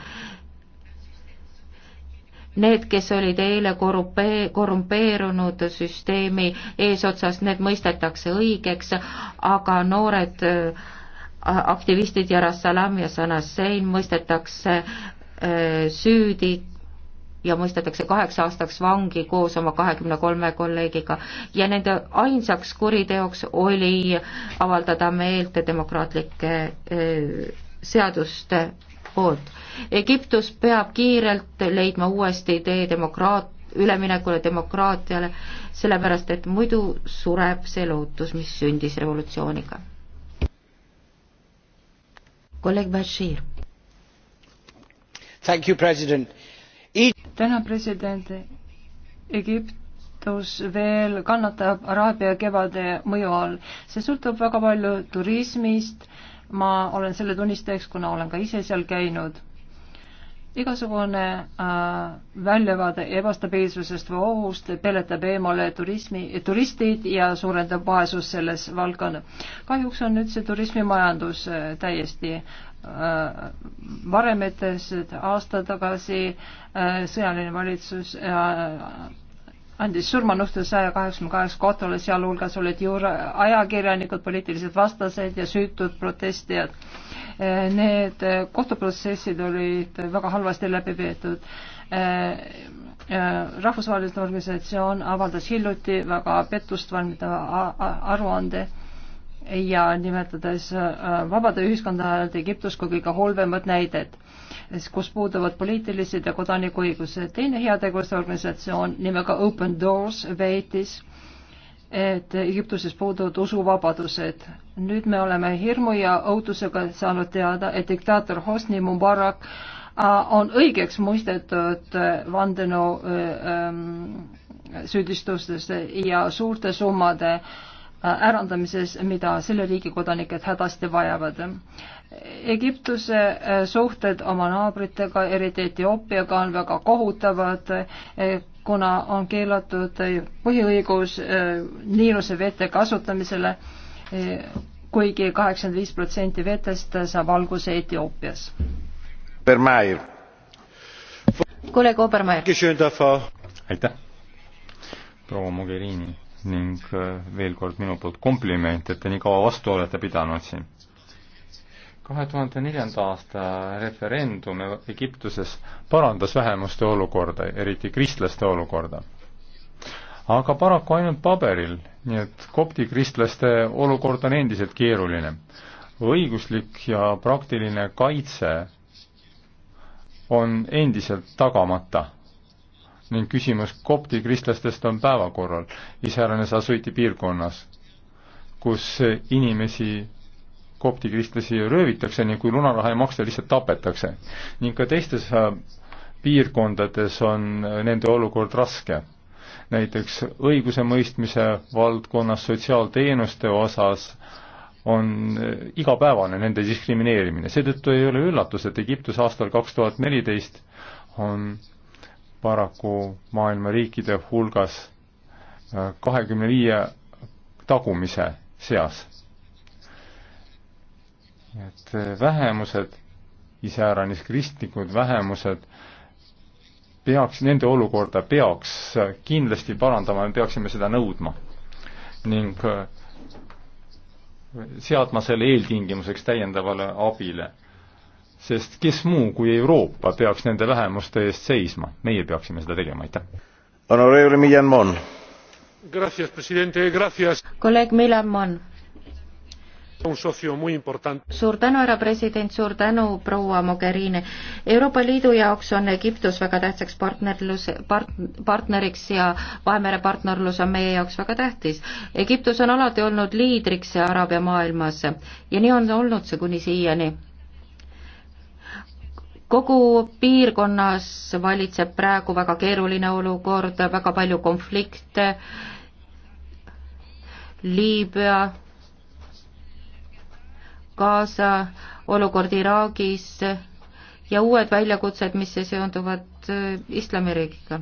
Need, kes olid eile korrupee-, korrumpeerunud süsteemi eesotsas, need mõistetakse õigeks, aga noored äh, aktivistid Jarassalam ja Sanasein mõistetakse äh, süüdi ja mõistetakse kaheks aastaks vangi koos oma kahekümne kolme kolleegiga ja nende ainsaks kuriteoks oli avaldada meelt demokraatlike eh, seaduste poolt. Egiptus peab kiirelt leidma uuesti tee demokraat-, üleminekule demokraatiale, sellepärast et muidu sureb see lootus, mis sündis revolutsiooniga. kolleeg Bashir. Thank you, president täna president Egiptus veel kannatab Araabia kevade mõju all. see sõltub väga palju turismist, ma olen selle tunnistajaks, kuna olen ka ise seal käinud. igasugune äh, väljavaade ebastabiilsusest või ohust peletab eemale turismi, turistid ja suurendab vaesust selles valdkonnas. kahjuks on nüüd see turismimajandus äh, täiesti varemetes aasta tagasi äh, sõjaline valitsus äh, andis surmanuhtluse saja kaheksakümne kaheksa kohtule, sealhulgas olid juur-, ajakirjanikud, poliitilised vastased ja süütud protestijad. Äh, need kohtuprotsessid olid väga halvasti läbi peetud rahvusvaheline organisatsioon avaldas hiljuti väga pettust valmidava aruande ja nimetades äh, vabade ühiskondade Egiptus kui kõige halvemat näidet, kus puuduvad poliitilised ja kodanikuõigused. teine heategevuste organisatsioon nimega Open Doors väitis, et Egiptuses puuduvad usuvabadused. nüüd me oleme hirmu ja õudusega saanud teada, et diktaator Hosni Mubarak äh, on õigeks mõistetud äh, vandenõu ähm, süüdistustesse ja suurte summade äh, Äh, ärandamises, mida selle riigi kodanikud hädasti vajavad. Egiptuse äh, suhted oma naabritega, eriti Etioopiaga, on väga kohutavad, äh, kuna on keelatud põhiõigus Niiluse vete kasutamisele kuigi, kuigi kaheksakümmend viis protsenti vetest saab alguse Etioopias. kolleeg Obermeier. aitäh, proua Mogherini ning äh, veel kord minu poolt kompliment, et te nii kaua vastu olete pidanud siin. kahe tuhande neljanda aasta referendum Egiptuses parandas vähemuste olukorda, eriti kristlaste olukorda. aga paraku ainult paberil, nii et kopti kristlaste olukord on endiselt keeruline. õiguslik ja praktiline kaitse on endiselt tagamata ning küsimus kopti kristlastest on päevakorral, iseäranis Asuiti piirkonnas, kus inimesi kopti kristlasi röövitakse ning kui lunaraha ei maksta, lihtsalt tapetakse. ning ka teistes äh, piirkondades on äh, nende olukord raske. näiteks õigusemõistmise valdkonnas, sotsiaalteenuste osas on äh, igapäevane nende diskrimineerimine, seetõttu ei ole üllatus, et Egiptus aastal kaks tuhat neliteist on paraku maailma riikide hulgas äh, kahekümne viie tagumise seas. et äh, vähemused, iseäranis kristlikud vähemused, peaks, nende olukorda peaks äh, kindlasti parandama, me peaksime seda nõudma. ning seadma selle eeltingimuseks täiendavale abile sest kes muu kui Euroopa peaks nende vähemuste eest seisma, meie peaksime seda tegema, aitäh. Honorable Millan Mon. kolleeg Millan Mon. suur tänu, härra president, suur tänu, proua Mogherini. Euroopa Liidu jaoks on Egiptus väga tähtsaks partnerlus, part-, partneriks ja Vahemere partnerlus on meie jaoks väga tähtis. Egiptus on alati olnud liidriks Araabia maailmas ja nii on olnud see kuni siiani kogu piirkonnas valitseb praegu väga keeruline olukord, väga palju konflikte, Liibüa, Gaza, olukord Iraagis ja uued väljakutsed, mis seonduvad äh, Islamiriigiga.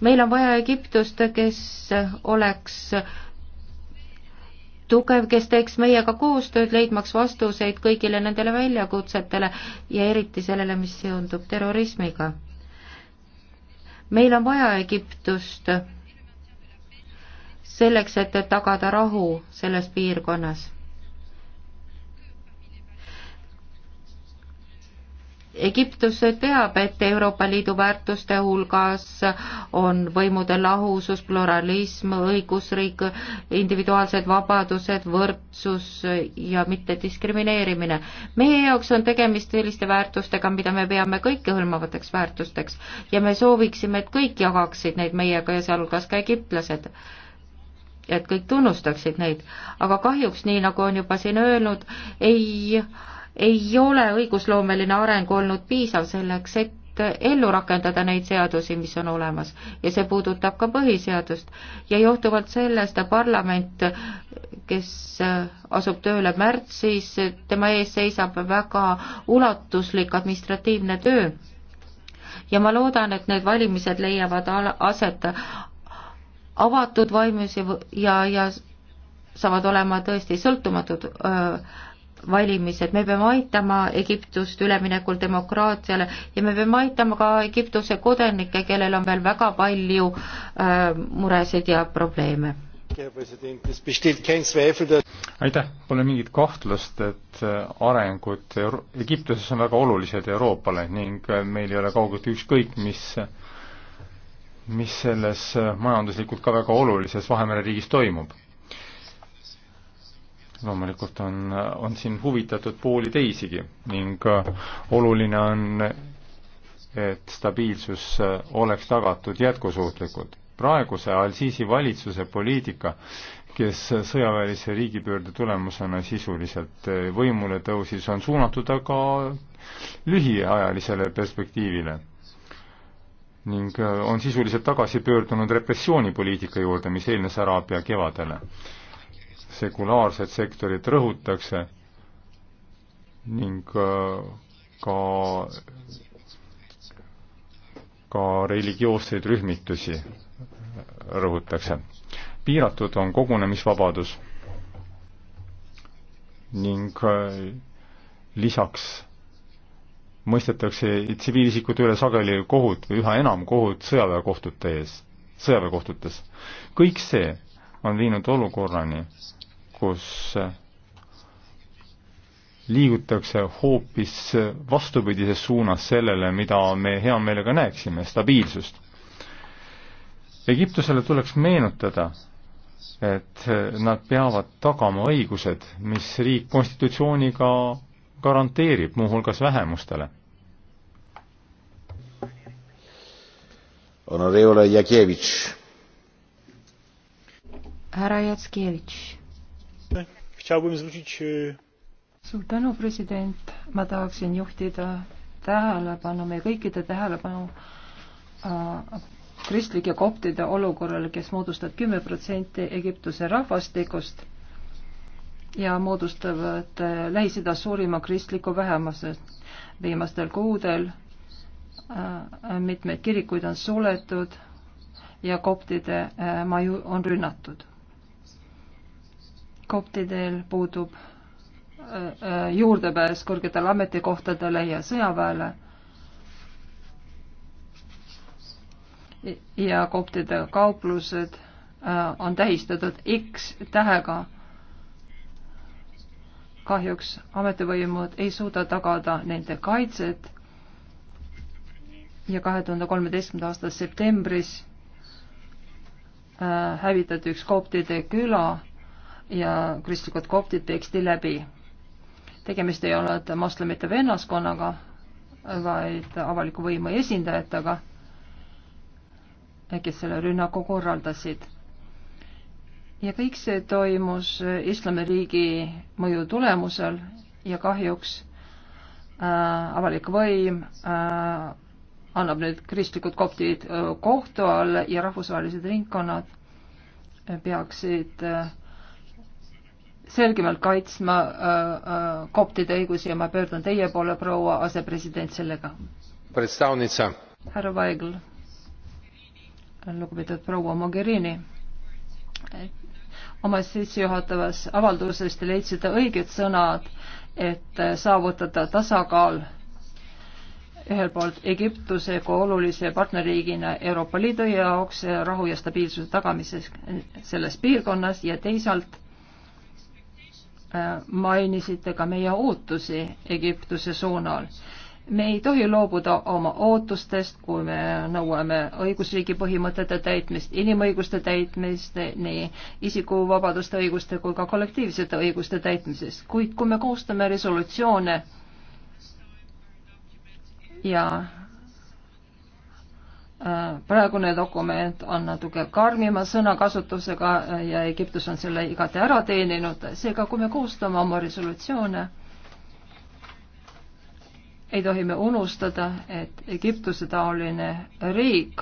meil on vaja Egiptust, kes oleks tugev, kes teeks meiega koostööd, leidmaks vastuseid kõigile nendele väljakutsetele ja eriti sellele, mis seondub terrorismiga. meil on vaja Egiptust selleks, et tagada rahu selles piirkonnas Egiptus teab, et Euroopa Liidu väärtuste hulgas on võimude lahusus, pluralism, õigusriik, individuaalsed vabadused, võrdsus ja mittediskrimineerimine. meie jaoks on tegemist selliste väärtustega, mida me peame kõikehõlmavateks väärtusteks ja me sooviksime, et kõik jagaksid neid meiega ja sealhulgas ka egiptlased et kõik tunnustaksid neid, aga kahjuks, nii nagu on juba siin öelnud, ei äh, ei ole õigusloomeline areng olnud piisav selleks, et ellu rakendada neid seadusi, mis on olemas ja see puudutab ka põhiseadust ja johtuvalt sellest parlament, kes asub tööle märtsis, tema ees seisab väga ulatuslik administratiivne töö ja ma loodan, et need valimised leiavad aset avatud vaimus ja, ja saavad olema tõesti sõltumatud öö, valimised, me peame aitama Egiptust üleminekul demokraatiale ja me peame aitama ka Egiptuse kodanikke, kellel on veel väga palju äh, muresid ja probleeme. aitäh, pole mingit kahtlust, et äh, arengud Euro Egiptuses on väga olulised Euroopale ning äh, meil ei ole kaugelt ükskõik, mis mis selles äh, majanduslikult ka väga olulises Vahemere riigis toimub loomulikult on, on siin huvitatud pooli teisigi ning äh, oluline on, et stabiilsus äh, oleks tagatud jätkusuutlikult. praeguse Al-Sisi valitsuse poliitika, kes sõjaväelise riigipöörde tulemusena sisuliselt äh, võimule tõusis, on suunatud aga lühiajalisele perspektiivile ning on sisuliselt tagasi pöördunud repressioonipoliitika juurde, mis eelnes Araabia kevadele sekulaarset sektorit rõhutakse ning äh, ka, ka religioosseid rühmitusi rõhutakse. piiratud on kogunemisvabadus ning äh, lisaks mõistetakse tsiviilisikute üle sageli kohut või üha enam kohut sõjaväekohtute ees, sõjaväekohtutes. kõik see on viinud olukorrani, kus liigutakse hoopis vastupidises suunas sellele, mida me hea meelega näeksime, stabiilsust. Egiptusele tuleks meenutada, et nad peavad tagama õigused, mis riik konstitutsiooniga garanteerib, muuhulgas vähemustele. härra Jatskevitš suur tänu, president, ma tahaksin juhtida tähelepanu, meie kõikide tähelepanu äh, kristlike koptide olukorrale, kes moodustavad kümme protsenti Egiptuse rahvastikust ja moodustavad e, Lähis-Ida suurima kristliku vähemuse. viimastel kuudel äh, mitmeid kirikuid on suletud ja koptide äh, maju on rünnatud koptidel puudub äh, äh, juurdepääs kõrgetele ametikohtadele ja sõjaväele ja koptide kauplused äh, on tähistatud X tähega. kahjuks ametivõimud ei suuda tagada nende kaitset ja kahe tuhande kolmeteistkümnenda aasta septembris hävitati üks koptide küla ja kristlikud koptid peksti läbi. tegemist ei olnud moslemite vennaskonnaga, vaid avaliku võimu esindajatega, kes selle rünnaku korraldasid. ja kõik see toimus Islamiriigi mõju tulemusel ja kahjuks äh, avalik võim äh, annab nüüd kristlikud koptid äh, kohtu alla ja rahvusvahelised ringkonnad peaksid äh, selgemalt kaitsma äh, äh, koptide õigusi ja ma pöördun teie poole, proua asepresident, sellega. härra Vaigel, lugupeetud proua Mogherini, oma sissejuhatavas avalduses te leidsite õiged sõnad, et saavutada tasakaal ühelt poolt Egiptuse kui olulise partnerriigina Euroopa Liidu jaoks rahu ja stabiilsuse tagamises selles piirkonnas ja teisalt Äh, mainisite ka meie ootusi Egiptuse suunal. me ei tohi loobuda oma ootustest, kui me nõuame õigusriigi põhimõtete täitmist, inimõiguste täitmist, nii isikuvabaduste õiguste kui ka kollektiivsete õiguste täitmisest, kuid kui me koostame resolutsioone ja praegune dokument on natuke karmima sõnakasutusega ja Egiptus on selle igati ära teeninud, seega kui me koostame oma resolutsioone, ei tohi me unustada, et Egiptuse taoline riik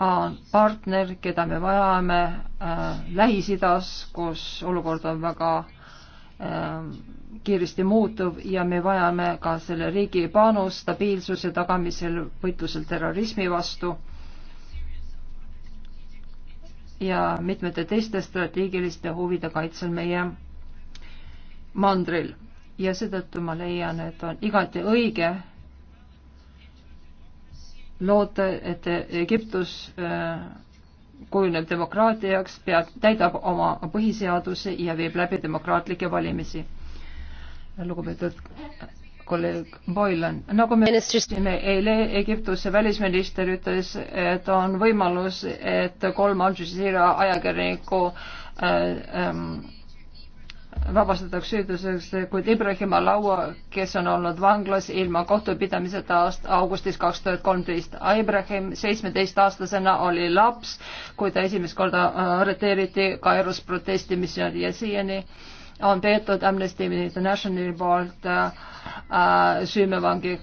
on partner, keda me vajame äh, Lähis-Idas, kus olukord on väga Ähm, kiiresti muutuv ja me vajame ka selle riigi panus stabiilsuse tagamisel võitlusel terrorismi vastu ja mitmete teiste strateegiliste huvide kaitsel meie mandril. ja seetõttu ma leian, et on igati õige loota, et Egiptus äh, kujuneb demokraatiaks, peab, täidab oma põhiseaduse ja viib läbi demokraatlikke valimisi. lugupeetud kolleeg Boylan, nagu me ütlesime eile, Egiptuse välisminister ütles, et on võimalus, et kolm Al Jazeera ajakirjanikku äh, ähm, vabastatakse süüduseks, kuid Ibrahim Alaua, kes on olnud vanglas ilma kohtupidamiseta aast-, augustis kaks tuhat kolmteist. Ibrahim seitsmeteistaastasena oli laps, kui ta esimest korda äh, arreteeriti Kairos protestimissiooni ja siiani on peetud Amnesty Internationali poolt äh, äh süümevangi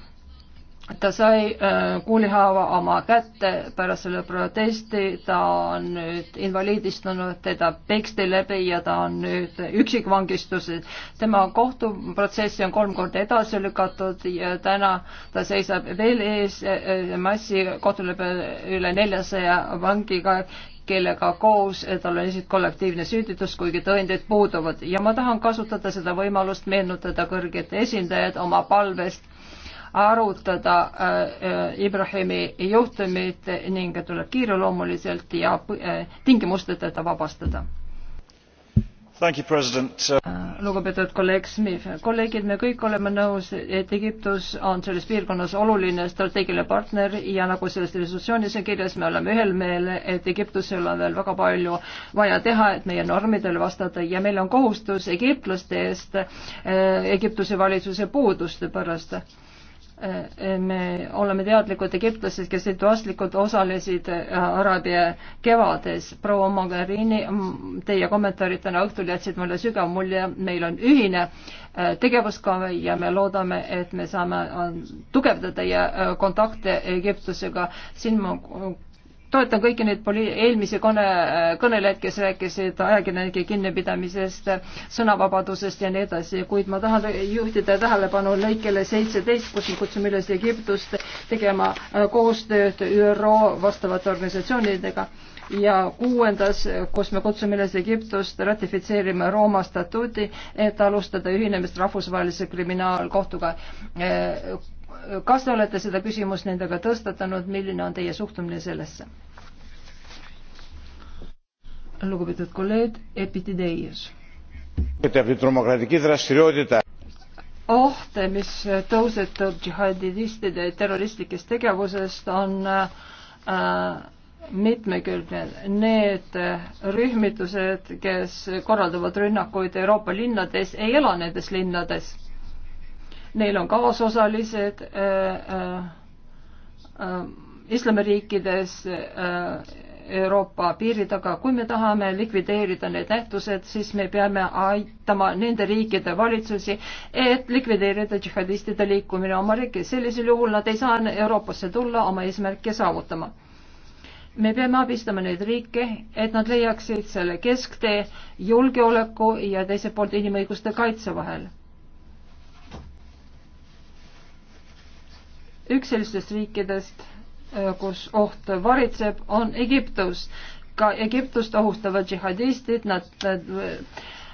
ta sai äh, kuulihaava oma kätte pärast selle protesti, ta on nüüd invaliidistunud, teda peksti läbi ja ta on nüüd üksikvangistuses. tema kohtuprotsessi on kolm korda edasi lükatud ja täna ta seisab veel ees äh, massi kohtuleppe üle neljasaja vangiga, kellega koos tal on lihtsalt kollektiivne süüditus, kuigi tõendid puuduvad ja ma tahan kasutada seda võimalust meenutada kõrget esindajat oma palvest arutada äh, äh, Ibrahimi juhtumit ning tuleb kiireloomuliselt ja äh, tingimusteta ta vabastada. Äh, lugupeetud kolleeg Smith, kolleegid, me kõik oleme nõus, et Egiptus on selles piirkonnas oluline strateegiline partner ja nagu selles resolutsioonis on kirjas, me oleme ühel meelel, et Egiptusel on veel väga palju vaja teha, et meie normidele vastata ja meil on kohustus egiptlaste eest äh, Egiptuse valitsuse puuduste pärast äh, Äh, äh, me oleme teadlikud egiptlased, kes entuastlikult osalesid äh, Araabia kevades. proua Mogherini, teie kommentaarid täna õhtul jätsid mulle sügav mulje, meil on ühine tegevuskava ja me loodame, et me saame tugevdada teie kontakte Egiptusega. siin ma toetan kõiki neid poli-, eelmisi kõne, kõnelejaid, kes rääkisid ajakirjanike kinnipidamisest, sõnavabadusest ja nii edasi, kuid ma tahan juhtida tähelepanu lõikele seitseteist, kus me kutsume üles Egiptust tegema äh, koostööd ÜRO vastavate organisatsioonidega ja kuuendas, kus me kutsume üles Egiptust ratifitseerima Rooma statuudi, et alustada ühinemist rahvusvahelise kriminaalkohtuga äh, kas te olete seda küsimust nendega tõstatanud, milline on teie suhtumine sellesse? lugupeetud kolleeg Epitideios. oht, mis tõusetub džihadistide terroristlikest tegevusest, on äh, mitmekülgne. Need rühmitused, kes korraldavad rünnakuid Euroopa linnades, ei ela nendes linnades neil on kaasosalised äh, äh, äh, islamiriikides äh, Euroopa piiri taga, kui me tahame likvideerida need nähtused, siis me peame aitama nende riikide valitsusi, et likvideerida džihadistide liikumine oma riigis. sellisel juhul nad ei saa Euroopasse tulla oma eesmärke saavutama. me peame abistama neid riike, et nad leiaksid selle kesktee julgeoleku ja teiselt poolt inimõiguste kaitse vahel üks sellistest riikidest, kus oht varitseb, on Egiptus. ka Egiptust ohustavad džihadistid, nad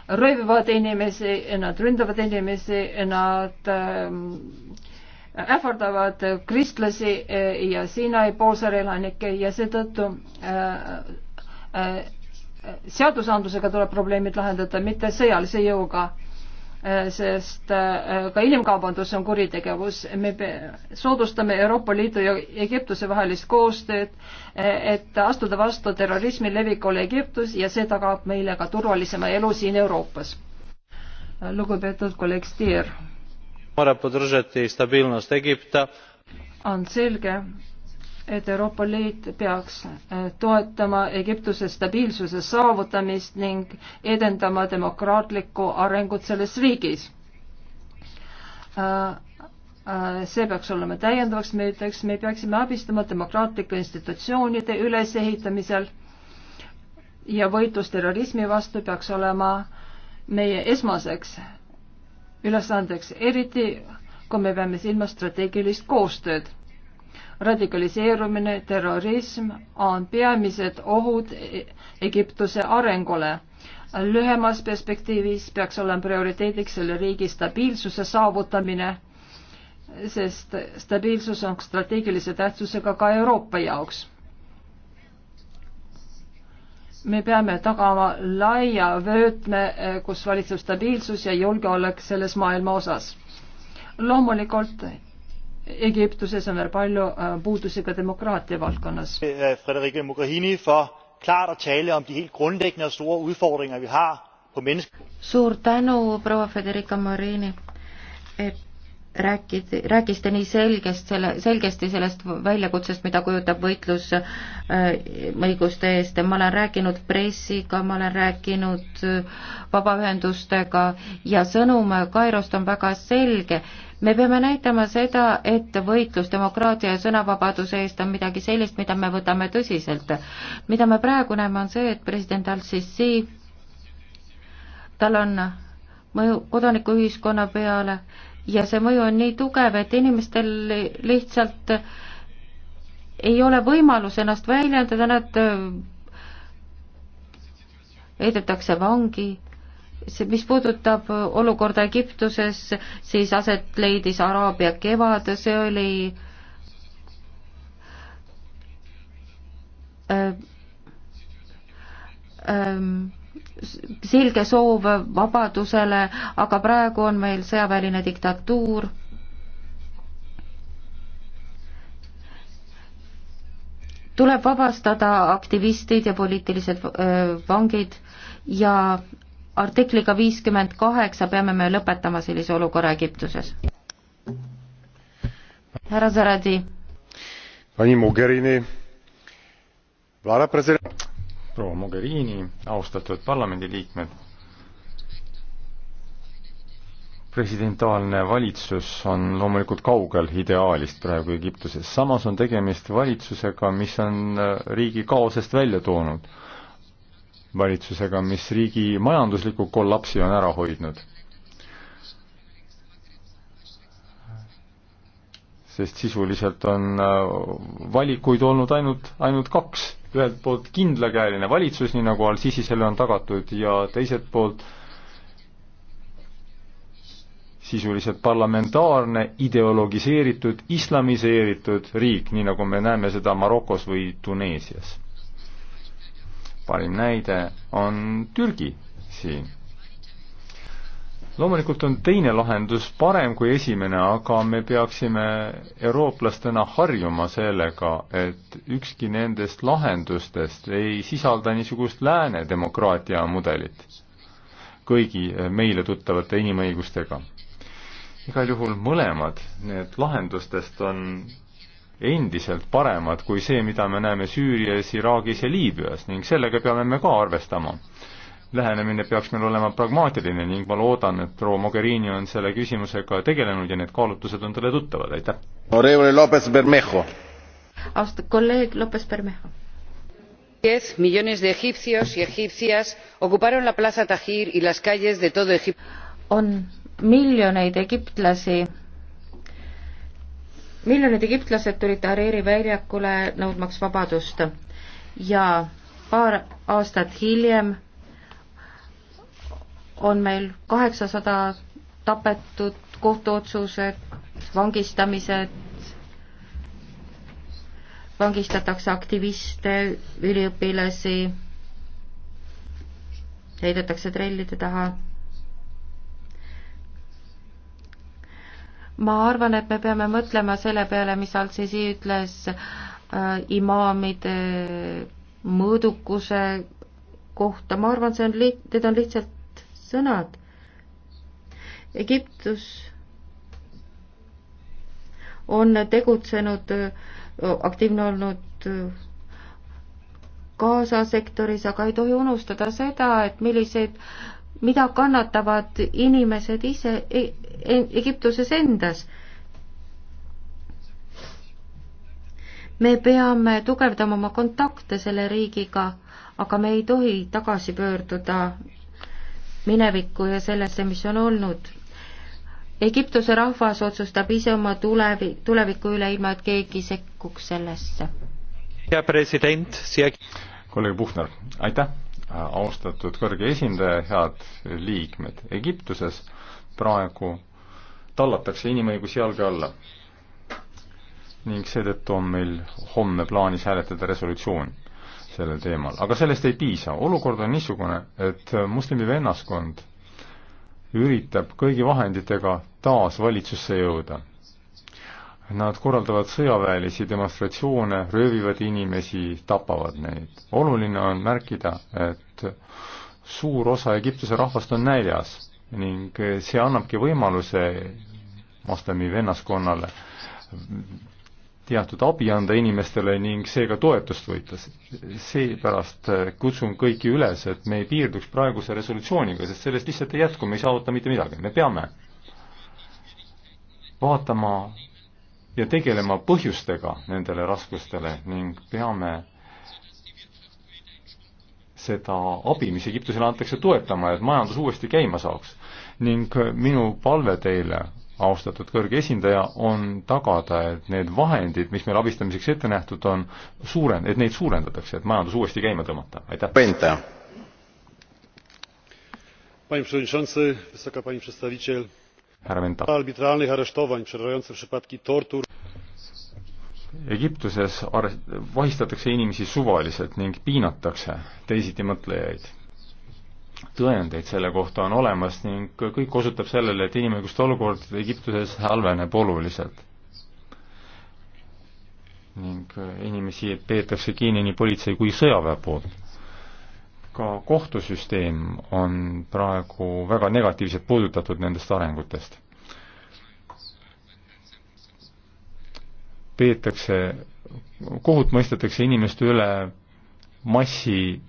röövivad inimesi, nad ründavad inimesi, nad ähvardavad kristlasi ja Siinai poolsaare elanikke ja seetõttu seadusandlusega tuleb probleemid lahendada, mitte sõjalise jõuga Äh, sest äh, ka inimkaubandus on kuritegevus. me soodustame Euroopa Liidu ja Egiptuse vahelist koostööd, äh, et astuda vastu terrorismi levikule Egiptus ja see tagab meile ka turvalisema elu siin Euroopas. lugupeetud kolleeg Stier. on selge, et Euroopa Liit peaks äh, toetama Egiptuse stabiilsuse saavutamist ning edendama demokraatlikku arengut selles riigis. Äh, äh, see peaks olema täiendavaks meetmeks, me peaksime abistama demokraatlike institutsioonide ülesehitamisel ja võitlus terrorismi vastu peaks olema meie esmaseks ülesandeks, eriti kui me peame silmas strateegilist koostööd radikaliseerumine, terrorism on peamised ohud Egiptuse arengule. lühemas perspektiivis peaks olema prioriteediks selle riigi stabiilsuse saavutamine, sest stabiilsus on strateegilise tähtsusega ka Euroopa jaoks me peame tagama laia vöötme, kus valitseb stabiilsus ja julgeolek selles maailma osas. loomulikult Egiptuses on veel palju äh, puudusi ka demokraatia valdkonnas. Øh, øh, Frederica Mogherini for klart at tale om de helt grundlæggende og store udfordringer vi har på menneske. suur tänu, proua Federica Marini, et rääkid, rääkisite nii selgest selle, selgesti sellest väljakutsest, mida kujutab võitlus äh, õiguste eest. ma olen rääkinud pressiga, ma olen rääkinud äh, vabaühendustega ja sõnum Kairost on väga selge. me peame näitama seda, et võitlus demokraatia ja sõnavabaduse eest on midagi sellist, mida me võtame tõsiselt. mida me praegu näeme, on see, et president Al-Sisi, tal on mõju kodanikuühiskonna peale ja see mõju on nii tugev, et inimestel lihtsalt ei ole võimalus ennast väljendada, nad äh, heidetakse vangi. see, mis puudutab olukorda Egiptuses, siis aset leidis Araabia kevad, see oli äh, ähm, ähm, selge soov vabadusele, aga praegu on meil sõjaväeline diktatuur. tuleb vabastada aktivistid ja poliitilised äh, vangid ja artikliga viiskümmend kaheksa peame me lõpetama sellise olukorra Egiptuses. härra Zaradi. Pani Mogherini, vara president proua Mogherini, austatud parlamendiliikmed. presidentaalne valitsus on loomulikult kaugel ideaalist praegu Egiptuses, samas on tegemist valitsusega, mis on äh, riigi kaosest välja toonud. valitsusega, mis riigi majandusliku kollapsi on ära hoidnud sest sisuliselt on äh, valikuid olnud ainult, ainult kaks. ühelt poolt kindlakäeline valitsus, nii nagu Al-Sisi selle on tagatud, ja teiselt poolt sisuliselt parlamentaarne, ideologiseeritud, islamiseeritud riik, nii nagu me näeme seda Marokos või Tuneesias. parim näide on Türgi siin loomulikult on teine lahendus parem kui esimene, aga me peaksime eurooplastena harjuma sellega, et ükski nendest lahendustest ei sisalda niisugust lääne demokraatia mudelit kõigi meile tuttavate inimõigustega. igal juhul mõlemad need lahendustest on endiselt paremad kui see, mida me näeme Süürias, Iraagis ja Liibüas ning sellega peame me ka arvestama lähenemine peaks meil olema pragmaatiline ning ma loodan, et proua Mogherini on selle küsimusega tegelenud ja need kaalutlused on talle tuttavad, aitäh. austatud kolleeg Lopez Bermejo. diez millones de egipcios y egipcias ocuparon la plaza Tahrir y las calles de todo Egipto. on miljoneid egiptlasi miljonid egiptlased tulid Tahreeri väljakule nõudmaks vabadust ja paar aastat hiljem on meil kaheksasada tapetud, kohtuotsused, vangistamised, vangistatakse aktiviste, üliõpilasi, heidetakse trellide taha. ma arvan, et me peame mõtlema selle peale, mis Al-Sisi ütles äh, imaamide mõõdukuse kohta, ma arvan, see on liht-, need on lihtsalt sõnad. Egiptus on tegutsenud, aktiivne olnud Gaza sektoris, aga ei tohi unustada seda, et millised, mida kannatavad inimesed ise e e Egiptuses endas. me peame tugevdama oma kontakte selle riigiga, aga me ei tohi tagasi pöörduda minevikku ja sellesse, mis on olnud. Egiptuse rahvas otsustab ise oma tulevi-, tuleviku üle, ilma et keegi sekkuks sellesse. hea president, siia kolleeg Puhner, aitäh, austatud kõrge esindaja, head liikmed. Egiptuses praegu tallatakse inimõigusi jalge alla ning seetõttu on meil homme plaanis hääletada resolutsiooni sellel teemal, aga sellest ei piisa, olukord on niisugune, et moslemi vennaskond üritab kõigi vahenditega taas valitsusse jõuda. Nad korraldavad sõjaväelisi demonstratsioone, röövivad inimesi, tapavad neid. oluline on märkida, et suur osa Egiptuse rahvast on näljas ning see annabki võimaluse moslemi vennaskonnale teatud abi anda inimestele ning seega toetust võitles. seepärast äh, kutsun kõiki üles, et me ei piirduks praeguse resolutsiooniga, sest sellest lihtsalt ei jätku, me ei saavuta mitte midagi, me peame vaatama ja tegelema põhjustega nendele raskustele ning peame seda abi, mis Egiptusele antakse, toetama, et majandus uuesti käima saaks. ning äh, minu palve teile austatud kõrge esindaja, on tagada, et need vahendid, mis meil abistamiseks ette nähtud on, suuren-, et neid suurendatakse, et majandus uuesti käima tõmmata, aitäh. härra Venta. Egiptuses arest-, vahistatakse inimesi suvaliselt ning piinatakse teisiti mõtlejaid tõendeid selle kohta on olemas ning kõik osutab sellele, et inimõiguste olukord Egiptuses halveneb oluliselt. ning inimesi peetakse kinni nii politsei kui sõjaväe poolt. ka kohtusüsteem on praegu väga negatiivselt puudutatud nendest arengutest. peetakse, kohut mõistetakse inimeste üle massi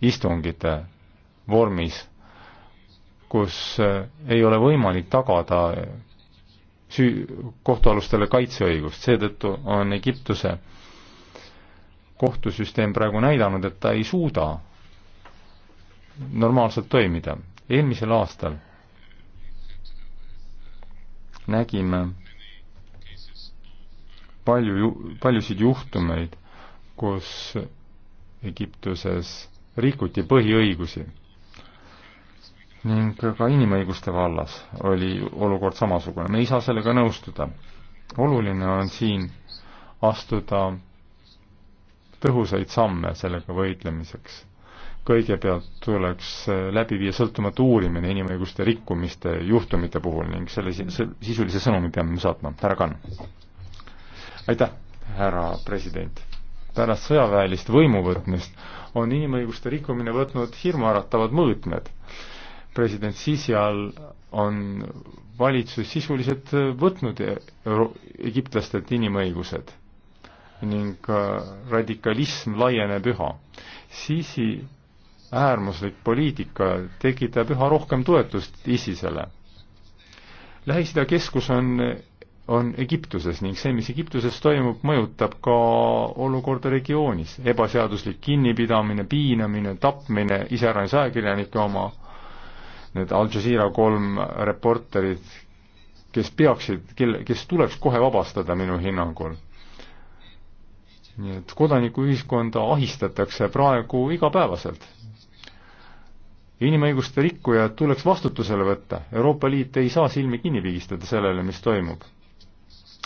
istungite vormis, kus eh, ei ole võimalik tagada eh, süü-, kohtualustele kaitseõigust, seetõttu on Egiptuse kohtusüsteem praegu näidanud, et ta ei suuda normaalselt toimida. eelmisel aastal nägime palju ju-, paljusid juhtumeid, kus Egiptuses rikuti põhiõigusi ning ka inimõiguste vallas oli olukord samasugune, me ei saa sellega nõustuda. oluline on siin astuda tõhusaid samme sellega võitlemiseks. kõigepealt tuleks läbi viia sõltumatu uurimine inimõiguste rikkumiste juhtumite puhul ning selle sisulise sõnumi peame saatma, härra Kann. aitäh, härra president. pärast sõjaväelist võimuvõtmist on inimõiguste rikkumine võtnud hirmuäratavad mõõtmed president Sisi all on valitsus sisuliselt võtnud euro-, egiptlastelt inimõigused ning äh, radikalism laieneb üha. Sisi äärmuslik poliitika tekitab üha rohkem toetust ISISele. Lähis-Ida keskus on, on Egiptuses ning see, mis Egiptuses toimub, mõjutab ka olukorda regioonis. ebaseaduslik kinnipidamine, piinamine, tapmine, iseäranis ajakirjanike oma, need Al Jazeera kolm reporterit, kes peaksid, kelle, kes tuleks kohe vabastada minu hinnangul. nii et kodanikuühiskonda ahistatakse praegu igapäevaselt. inimõiguste rikkujad tuleks vastutusele võtta, Euroopa Liit ei saa silmi kinni pigistada sellele, mis toimub.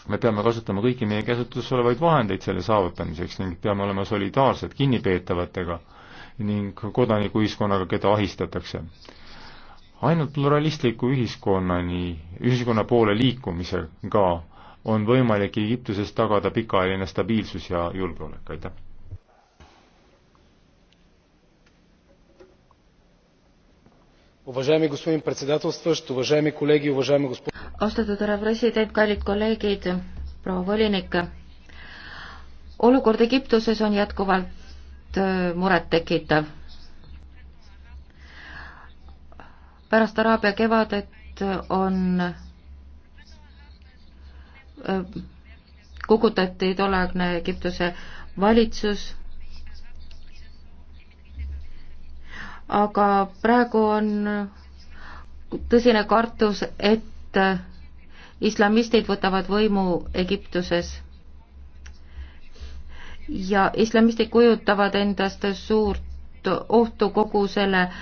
me peame kasutama kõiki meie käsutuses olevaid vahendeid selle saavutamiseks ning peame olema solidaarsed kinnipeetavatega ning kodanikuühiskonnaga, keda ahistatakse ainult pluralistliku ühiskonnani, ühiskonna poole liikumisega on võimalik Egiptuses tagada pikaajaline stabiilsus ja julgeolek, aitäh! Уважаеми господин председателстващ, уважаеми колеги, уважаеми господин... Austatud härra president, kallid kolleegid, proua volinik, olukord Egiptuses on jätkuvalt äh, murettekitav pärast Araabia kevadet on äh, kukutati tolleaegne Egiptuse valitsus, aga praegu on tõsine kartus, et äh, islamistid võtavad võimu Egiptuses. ja islamistid kujutavad endast suurt ohtu kogu selle äh,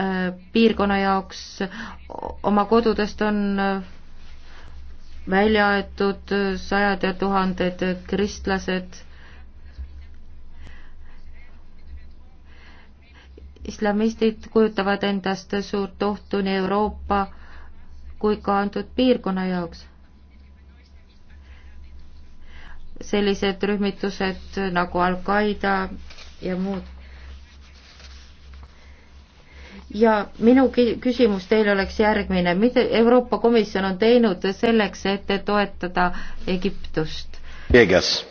Äh, piirkonna jaoks oma kodudest on äh, välja aetud äh, sajad ja tuhanded kristlased. islamistid kujutavad endast suurt ohtu nii Euroopa kui ka antud piirkonna jaoks sellised rühmitused nagu Al-Qaeda ja muud ja minu küsimus teile oleks järgmine, mida Euroopa Komisjon on teinud selleks, et toetada Egiptust? Vegas.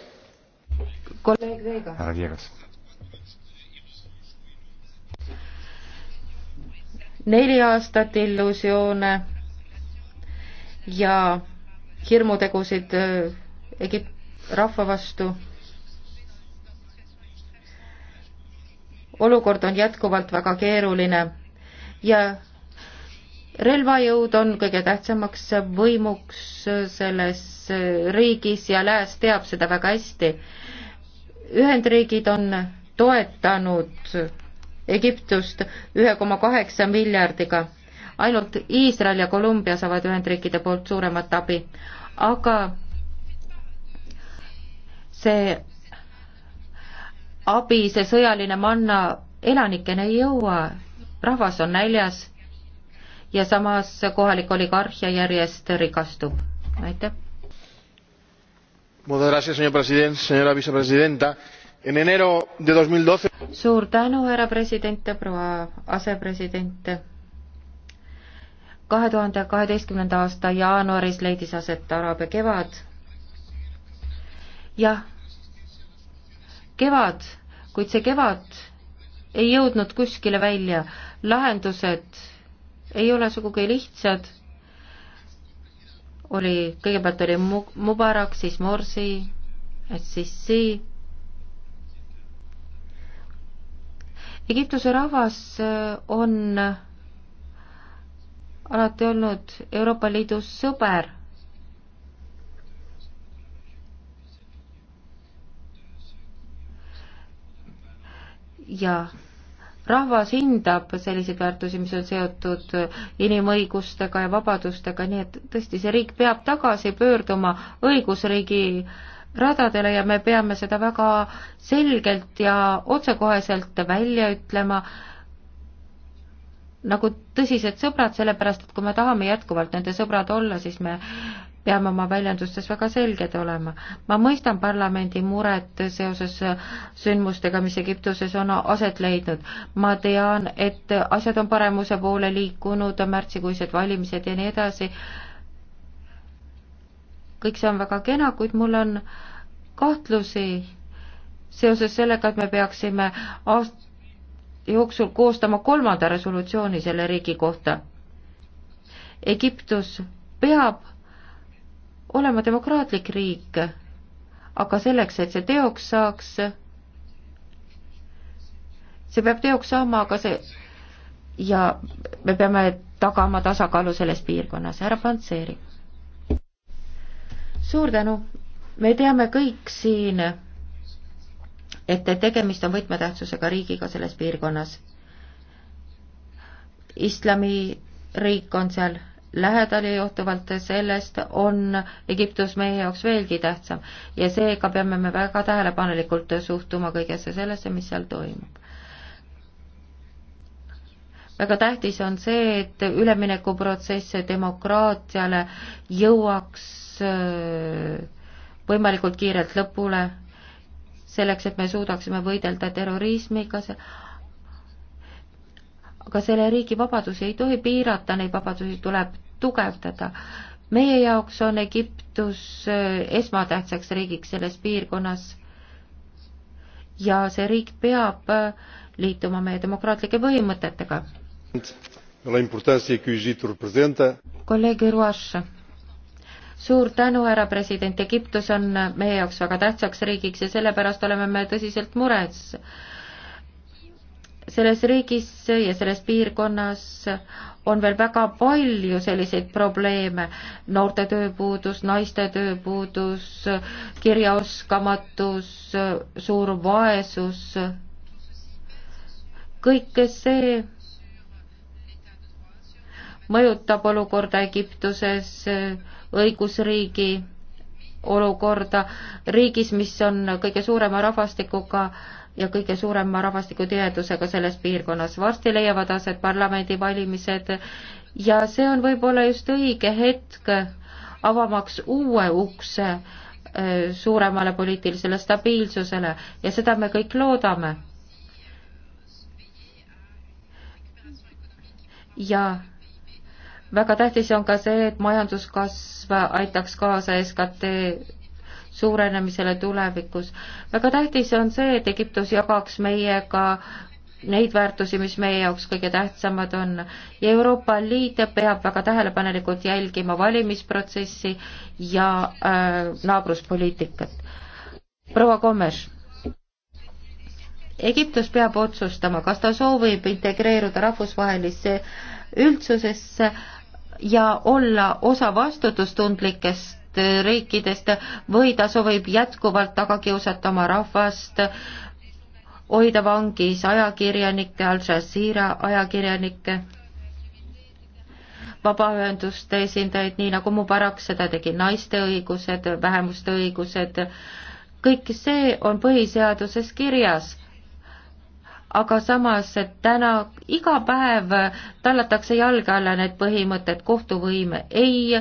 kolleeg Vegas. härra Vegas. neli aastat illusioone ja hirmutegusid äh, Egipt-, rahva vastu. olukord on jätkuvalt väga keeruline ja relvajõud on kõige tähtsamaks võimuks selles riigis ja Lääs teab seda väga hästi. Ühendriigid on toetanud Egiptust ühe koma kaheksa miljardiga. ainult Iisrael ja Kolumbia saavad Ühendriikide poolt suuremat abi. aga see abi, see sõjaline manna elanikeni ei jõua rahvas on näljas ja samas kohalik oligarhia järjest rikastub. aitäh. suur tänu, härra president ja proua asepresident. kahe tuhande kaheteistkümnenda aasta jaanuaris leidis aset Araabia kevad. jah, kevad, kuid see kevad ei jõudnud kuskile välja, lahendused ei ole sugugi lihtsad, oli, kõigepealt oli Mubarak, siis Morsi, siis Sii. Egiptuse rahvas äh, on alati olnud Euroopa Liidu sõber ja rahvas hindab selliseid väärtusi, mis on seotud inimõigustega ja vabadustega, nii et tõesti, see riik peab tagasi pöörduma õigusriigi radadele ja me peame seda väga selgelt ja otsekoheselt välja ütlema, nagu tõsised sõbrad, sellepärast et kui me tahame jätkuvalt nende sõbrad olla, siis me peame oma väljendustes väga selged olema. ma mõistan parlamendi muret seoses sündmustega, mis Egiptuses on aset leidnud. ma tean, et asjad on paremuse poole liikunud, märtsikuised valimised ja nii edasi, kõik see on väga kena, kuid mul on kahtlusi seoses sellega, et me peaksime aast-, jooksul koostama kolmanda resolutsiooni selle riigi kohta. Egiptus peab olema demokraatlik riik, aga selleks, et see teoks saaks, see peab teoks saama, aga see ja me peame tagama tasakaalu selles piirkonnas, härra Pantseeri. suur tänu, me teame kõik siin, et tegemist on võtmetähtsusega riigiga selles piirkonnas. islamiriik on seal lähedal ja johtuvalt sellest on Egiptus meie jaoks veelgi tähtsam ja seega peame me väga tähelepanelikult suhtuma kõigesse sellesse, mis seal toimub väga tähtis on see, et üleminekuprotsess demokraatiale jõuaks äh, võimalikult kiirelt lõpule, selleks et me suudaksime võidelda terrorismiga, aga selle riigi vabadusi ei tohi piirata, neid vabadusi tuleb tugevdada. meie jaoks on Egiptus äh, esmatähtsaks riigiks selles piirkonnas ja see riik peab äh, liituma meie demokraatlike põhimõtetega. kolleeg Iruaš, suur tänu, härra president, Egiptus on meie jaoks väga tähtsaks riigiks ja sellepärast oleme me tõsiselt mures selles riigis ja selles piirkonnas on veel väga palju selliseid probleeme, noorte tööpuudus, naiste tööpuudus, kirjaoskamatus, suur vaesus, kõike see mõjutab olukorda Egiptuses, õigusriigi olukorda riigis, mis on kõige suurema rahvastikuga äh, ja kõige suurema rahvastikutihedusega selles piirkonnas. varsti leiavad aset parlamendivalimised ja see on võib-olla just õige hetk avamaks uue ukse äh, suuremale poliitilisele stabiilsusele ja seda me kõik loodame. ja väga tähtis on ka see, et majanduskasv aitaks kaasa SKT suurenemisele tulevikus. väga tähtis on see, et Egiptus jagaks meiega neid väärtusi, mis meie jaoks kõige tähtsamad on ja Euroopa Liit peab väga tähelepanelikult jälgima valimisprotsessi ja äh, naabruspoliitikat. proua Komes Egiptus peab otsustama, kas ta soovib integreeruda rahvusvahelisse üldsusesse ja olla osa vastutustundlikest kolmandatest riikidest või ta soovib jätkuvalt taga kiusata oma rahvast, hoida vangis ajakirjanikke, Al Jazeera ajakirjanikke, vabaühenduste esindajaid, nii nagu Mubarak seda tegi, naiste õigused, vähemuste õigused, kõik see on põhiseaduses kirjas aga samas täna iga päev tallatakse jalge alla need põhimõtted, kohtuvõim ei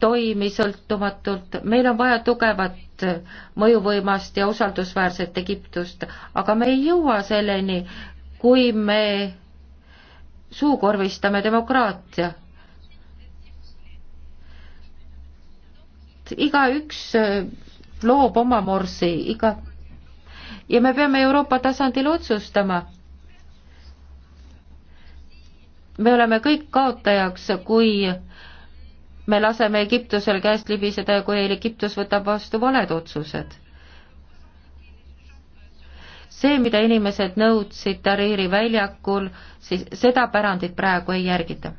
toimi sõltumatult, meil on vaja tugevat mõjuvõimast ja usaldusväärset Egiptust, aga me ei jõua selleni, kui me suukorvistame demokraatia. igaüks loob oma morsi, iga ja me peame Euroopa tasandil otsustama. me oleme kõik kaotajaks, kui me laseme Egiptusel käest libiseda, kui Egiptus võtab vastu valed otsused. see, mida inimesed nõudsid Tariri väljakul, siis seda pärandit praegu ei järgita.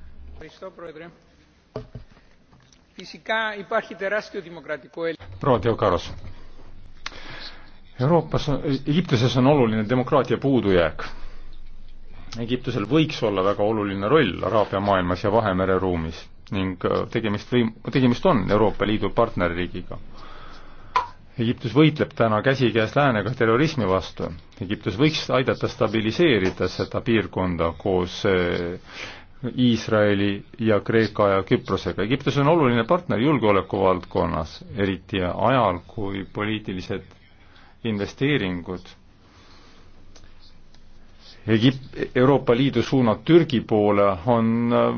proua Teokaros, Euroopas, Egiptuses on oluline demokraatia puudujääk Egiptusel võiks olla väga oluline roll Araabia maailmas ja Vahemere ruumis ning äh, tegemist võim-, tegemist on Euroopa Liidu partnerriigiga. Egiptus võitleb täna käsikäes läänega terrorismi vastu. Egiptus võiks aidata stabiliseerida seda piirkonda koos äh, Iisraeli ja Kreeka ja Küprosega. Egiptus on oluline partner julgeoleku valdkonnas, eriti ajal, kui poliitilised investeeringud Egip-, Euroopa Liidu suunad Türgi poole on äh,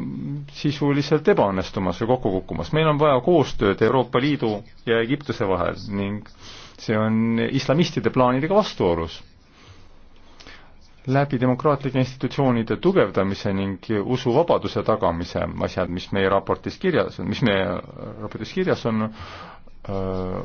sisuliselt ebaõnnestumas või kokku kukkumas. meil on vaja koostööd Euroopa Liidu ja Egiptuse vahel ning see on islamistide plaanidega vastuolus. läbi demokraatlike institutsioonide tugevdamise ning usuvabaduse tagamise, asjad, mis meie raportis kirjas on, mis meie raportis kirjas on, Äh,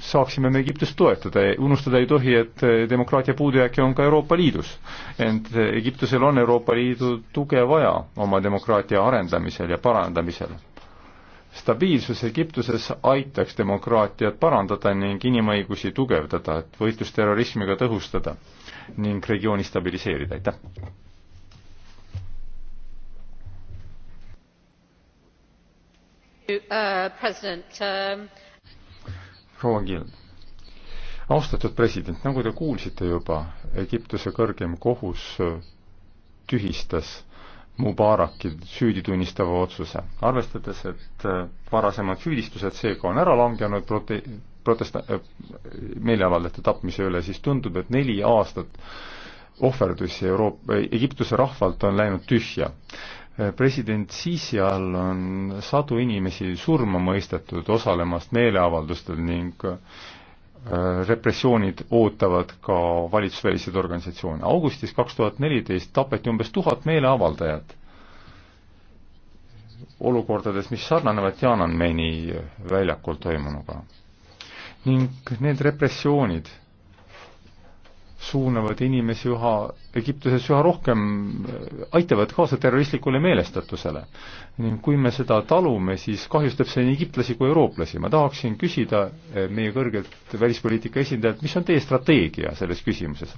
saaksime me Egiptust toetada, unustada ei tohi, et äh, demokraatia puudujääke on ka Euroopa Liidus. ent äh, Egiptusel on Euroopa Liidu tuge vaja oma demokraatia arendamisel ja parandamisel. stabiilsus Egiptuses aitaks demokraatiat parandada ning inimõigusi tugevdada, et võitlust terrorismiga tõhustada ning regiooni stabiliseerida, aitäh! Uh, president um proua Gill. austatud president, nagu te kuulsite juba, Egiptuse kõrgem kohus tühistas Mubaraki süüdi tunnistava otsuse. arvestades, et äh, varasemad süüdistused seega on ära langenud prote-, protesta-, äh, meeleavaldajate tapmise üle, siis tundub, et neli aastat ohverdusi Euroopa, Egiptuse rahvalt on läinud tühja. Eh, president Sisi all on sadu inimesi surma mõistetud osalemast meeleavaldustel ning eh, repressioonid ootavad ka valitsusväliseid organisatsioone. augustis kaks tuhat neliteist tapeti umbes tuhat meeleavaldajat olukordades, mis sarnanevad Tiananmeni eh, väljakul toimunuga. ning need repressioonid suunavad inimesi üha Egiptuses üha rohkem äh, aitavad kaasa terroristlikule meelestatusele. ning kui me seda talume, siis kahjustab see nii egiptlasi kui eurooplasi. ma tahaksin küsida äh, meie kõrgelt välispoliitika esindajalt, mis on teie strateegia selles küsimuses?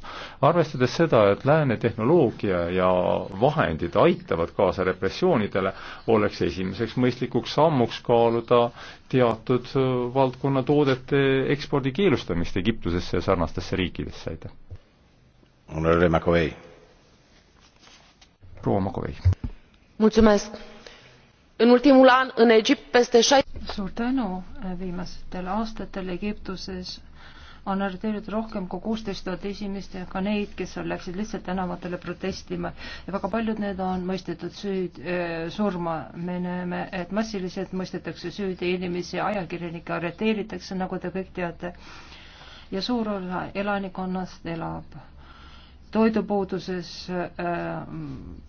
arvestades seda, et lääne tehnoloogia ja vahendid aitavad kaasa repressioonidele, oleks esimeseks mõistlikuks sammuks kaaluda teatud äh, valdkonna toodete ekspordi keelustamist Egiptusesse ja sarnastesse riikidesse, aitäh! proua macovei în ultimul an în egipt peste eh, viimastel aastatel egiptuses on arreteeritud rohkem kui kuusteist tuhat esimest ja ka neid, kes läksid lihtsalt tänavatele protestima ja väga paljud need on mõistetud süüd, eh, surma. me näeme, et massiliselt mõistetakse süüdi inimesi, ajakirjanikke arreteeritakse, nagu te kõik teate. ja suur osa elanikkonnast elab toidupuuduses äh,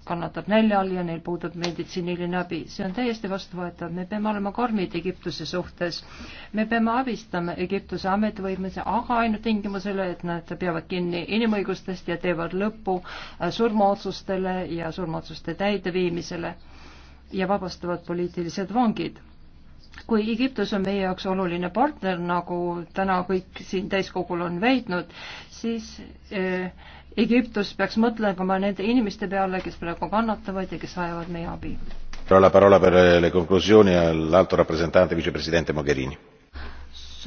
kannatab nälja all ja neil puudub meditsiiniline abi. see on täiesti vastuvõetav, me peame olema karmid Egiptuse suhtes. me peame abistama Egiptuse ametivõimlasi, aga ainult tingimusele, et nad peavad kinni inimõigustest ja teevad lõpu äh, surmaotsustele ja surmaotsuste täideviimisele ja vabastavad poliitilised vangid kui Egiptus on meie jaoks oluline partner, nagu täna kõik siin täiskogul on väitnud, siis eh, Egiptus peaks mõtlema nende inimeste peale, kes praegu kannatavad ja kes vajavad meie abi. La parola per eh, le conclusioni all'alto rappresentante vicepresidente Mogherini.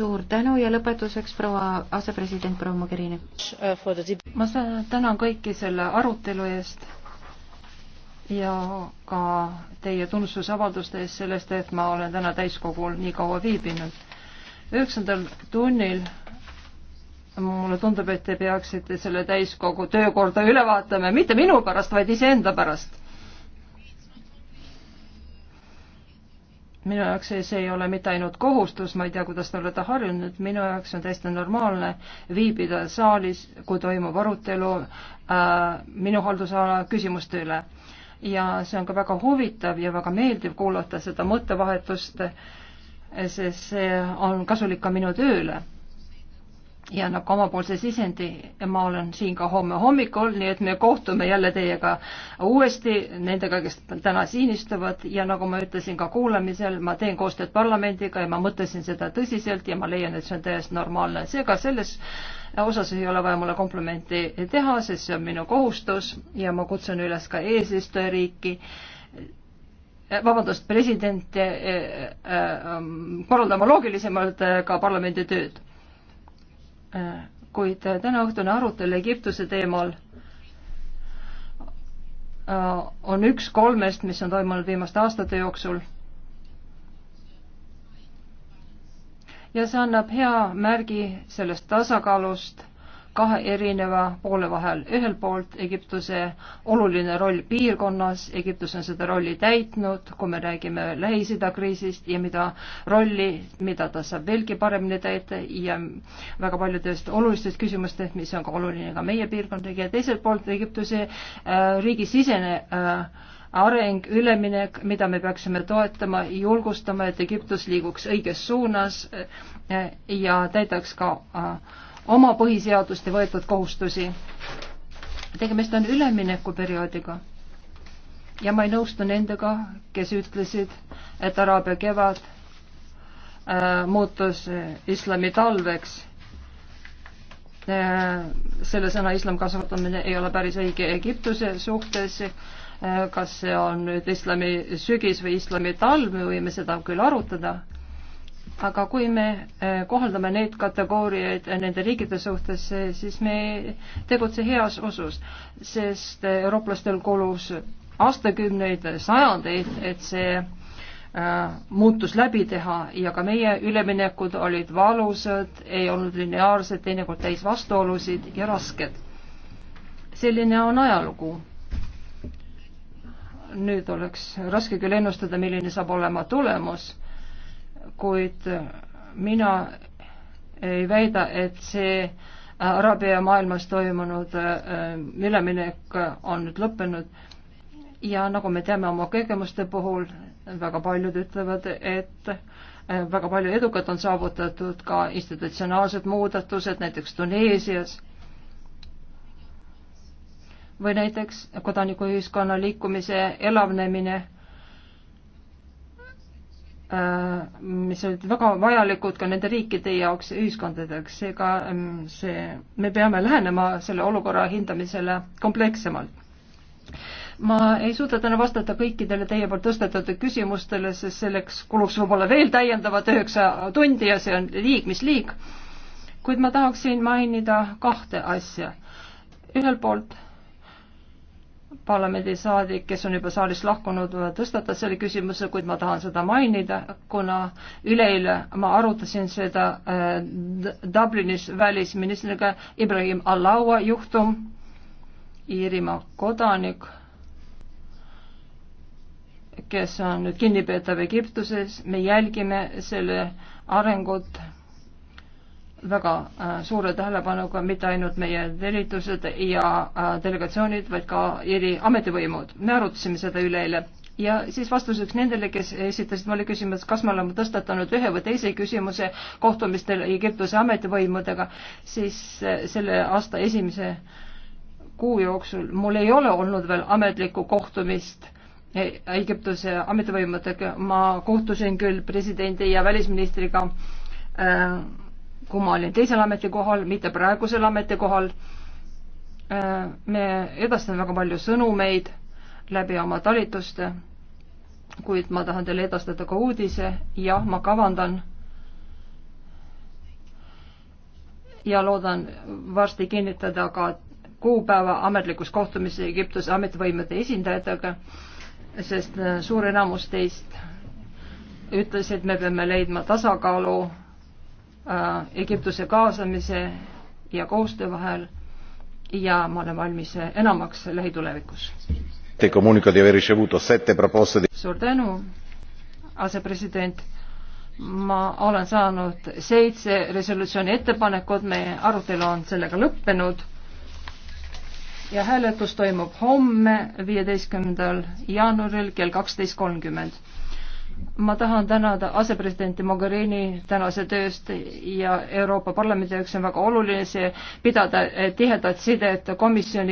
suur tänu ja lõpetuseks proua asepresident proua Mogherini. ma tänan kõiki selle arutelu eest ja ka teie tunnustusavalduste eest sellest, et ma olen täna täiskogul nii kaua viibinud. üheksandal tunnil mulle tundub, et te peaksite selle täiskogu töökorda üle vaatama, mitte minu pärast, vaid iseenda pärast. minu jaoks see, see ei ole mitte ainult kohustus, ma ei tea, kuidas te olete harjunud, minu jaoks on täiesti normaalne viibida saalis, kui toimub arutelu äh, minu haldusala küsimuste üle. ja see on ka väga huvitav ja väga meeldiv kuulata seda mõttevahetust, sest see on kasulik ka minu tööle ja nagu omapoolse sisendi ma olen siin ka homme hommikul, nii et me kohtume jälle teiega uuesti, nendega, kes täna siin istuvad ja nagu ma ütlesin ka kuulamisel, ma teen koostööd parlamendiga ja ma mõtlesin seda tõsiselt ja ma leian, et see on täiesti normaalne. seega selles osas ei ole vaja mulle komplimenti teha, sest see on minu kohustus ja ma kutsun üles ka eesistujariiki vabandust, president äh, eh, äh, eh, mm, korraldama loogilisemalt äh, ka parlamendi tööd kuid tänaõhtune arutelu Egiptuse teemal äh, on üks kolmest, mis on toimunud viimaste aastate jooksul. ja see annab hea märgi sellest tasakaalust kahe erineva poole vahel. ühelt poolt Egiptuse oluline roll piirkonnas, Egiptus on seda rolli täitnud, kui me räägime Lähis-Ida kriisist ja mida rolli, mida ta saab veelgi paremini täita ja väga paljudest olulistest küsimustest, mis on ka oluline ka meie piirkondadega ja teiselt poolt Egiptuse äh, riigisisene äh, areng, üleminek, mida me peaksime toetama, julgustama, et Egiptus liiguks õiges suunas äh, ja täidaks ka äh, oma põhiseaduste võetud kohustusi. tegemist on üleminekuperioodiga ja ma ei nõustu nendega, kes ütlesid, et araabia kevad äh, muutus äh, islami talveks äh,. selle sõna islam kasutamine ei ole päris õige Egiptuse suhtes äh,. kas see on nüüd islami sügis või islami talv, me võime seda küll arutada aga kui me äh, kohaldame neid kategooriaid äh, nende riikide suhtes, siis me ei tegutse heas usus, sest äh, eurooplastel kulus aastakümneid, sajandeid, et see muutus läbi teha ja ka meie üleminekud olid valusad, ei olnud lineaarsed, teinekord täis vastuolusid ja rasked. selline on ajalugu nüüd oleks raske küll ennustada, milline saab olema tulemus kuid mina ei väida, et see Araabia maailmas toimunud äh, üleminek on nüüd lõppenud ja nagu me teame oma kogemuste puhul, väga paljud ütlevad, et äh, väga palju edukat on saavutatud ka institutsionaalsed muudatused, näiteks Tuneesias või näiteks kodanikuühiskonna liikumise elavnemine Äh, mis olid väga vajalikud ka nende riikide jaoks ja ühiskondadeks, seega ähm, see, me peame lähenema selle olukorra hindamisele komplekssemalt. ma ei suuda täna vastata kõikidele teie poolt tõstatatud küsimustele, sest selleks kuluks võib-olla veel täiendavat üheksa tundi ja see on liig mis liig, kuid ma tahaksin mainida kahte asja. ühelt poolt parlamendisaadik, kes on juba saalist lahkunud, tõstatas selle küsimuse, kuid ma tahan seda mainida, kuna üleeile ma arutasin seda äh, Dublinis välisministriga Ibrahim Allaua juhtum, Iirimaa kodanik, kes on nüüd kinnipeetav Egiptuses, me jälgime selle arengut väga äh, suure tähelepanuga mitte ainult meie talitused ja äh, delegatsioonid, vaid ka eri ametivõimud. me arutasime seda üleeile ja siis vastuseks nendele, kes esitasid mulle küsimuse, kas me oleme tõstatanud ühe või teise küsimuse kohtumistel Egiptuse ametivõimudega, siis äh, selle aasta esimese kuu jooksul mul ei ole olnud veel ametlikku kohtumist Egiptuse ametivõimudega, ma kohtusin küll presidendi ja välisministriga äh, kui ma olin teisel ametikohal, mitte praegusel ametikohal. Äh, me edastame väga palju sõnumeid läbi oma talituste, kuid ma tahan teile edastada ka uudise, jah, ma kavandan ja loodan varsti kinnitada ka kuupäeva ametlikus kohtumises Egiptuse ametivõimude esindajatega, sest äh, suur enamus teist ütles, et me peame leidma tasakaalu Äh, Egiptuse kaasamise ja koostöö vahel ja ma olen valmis enamaks lähitulevikus. suur tänu, asepresident. ma olen saanud seitse resolutsiooni ettepanekut, meie arutelu on sellega lõppenud ja hääletus toimub homme, viieteistkümnendal jaanuaril kell kaksteist kolmkümmend ma tahan tänada asepresidenti Mogherini tänase tööst ja Euroopa Parlamendi jaoks on väga oluline see pidada tihedat sidet komisjoni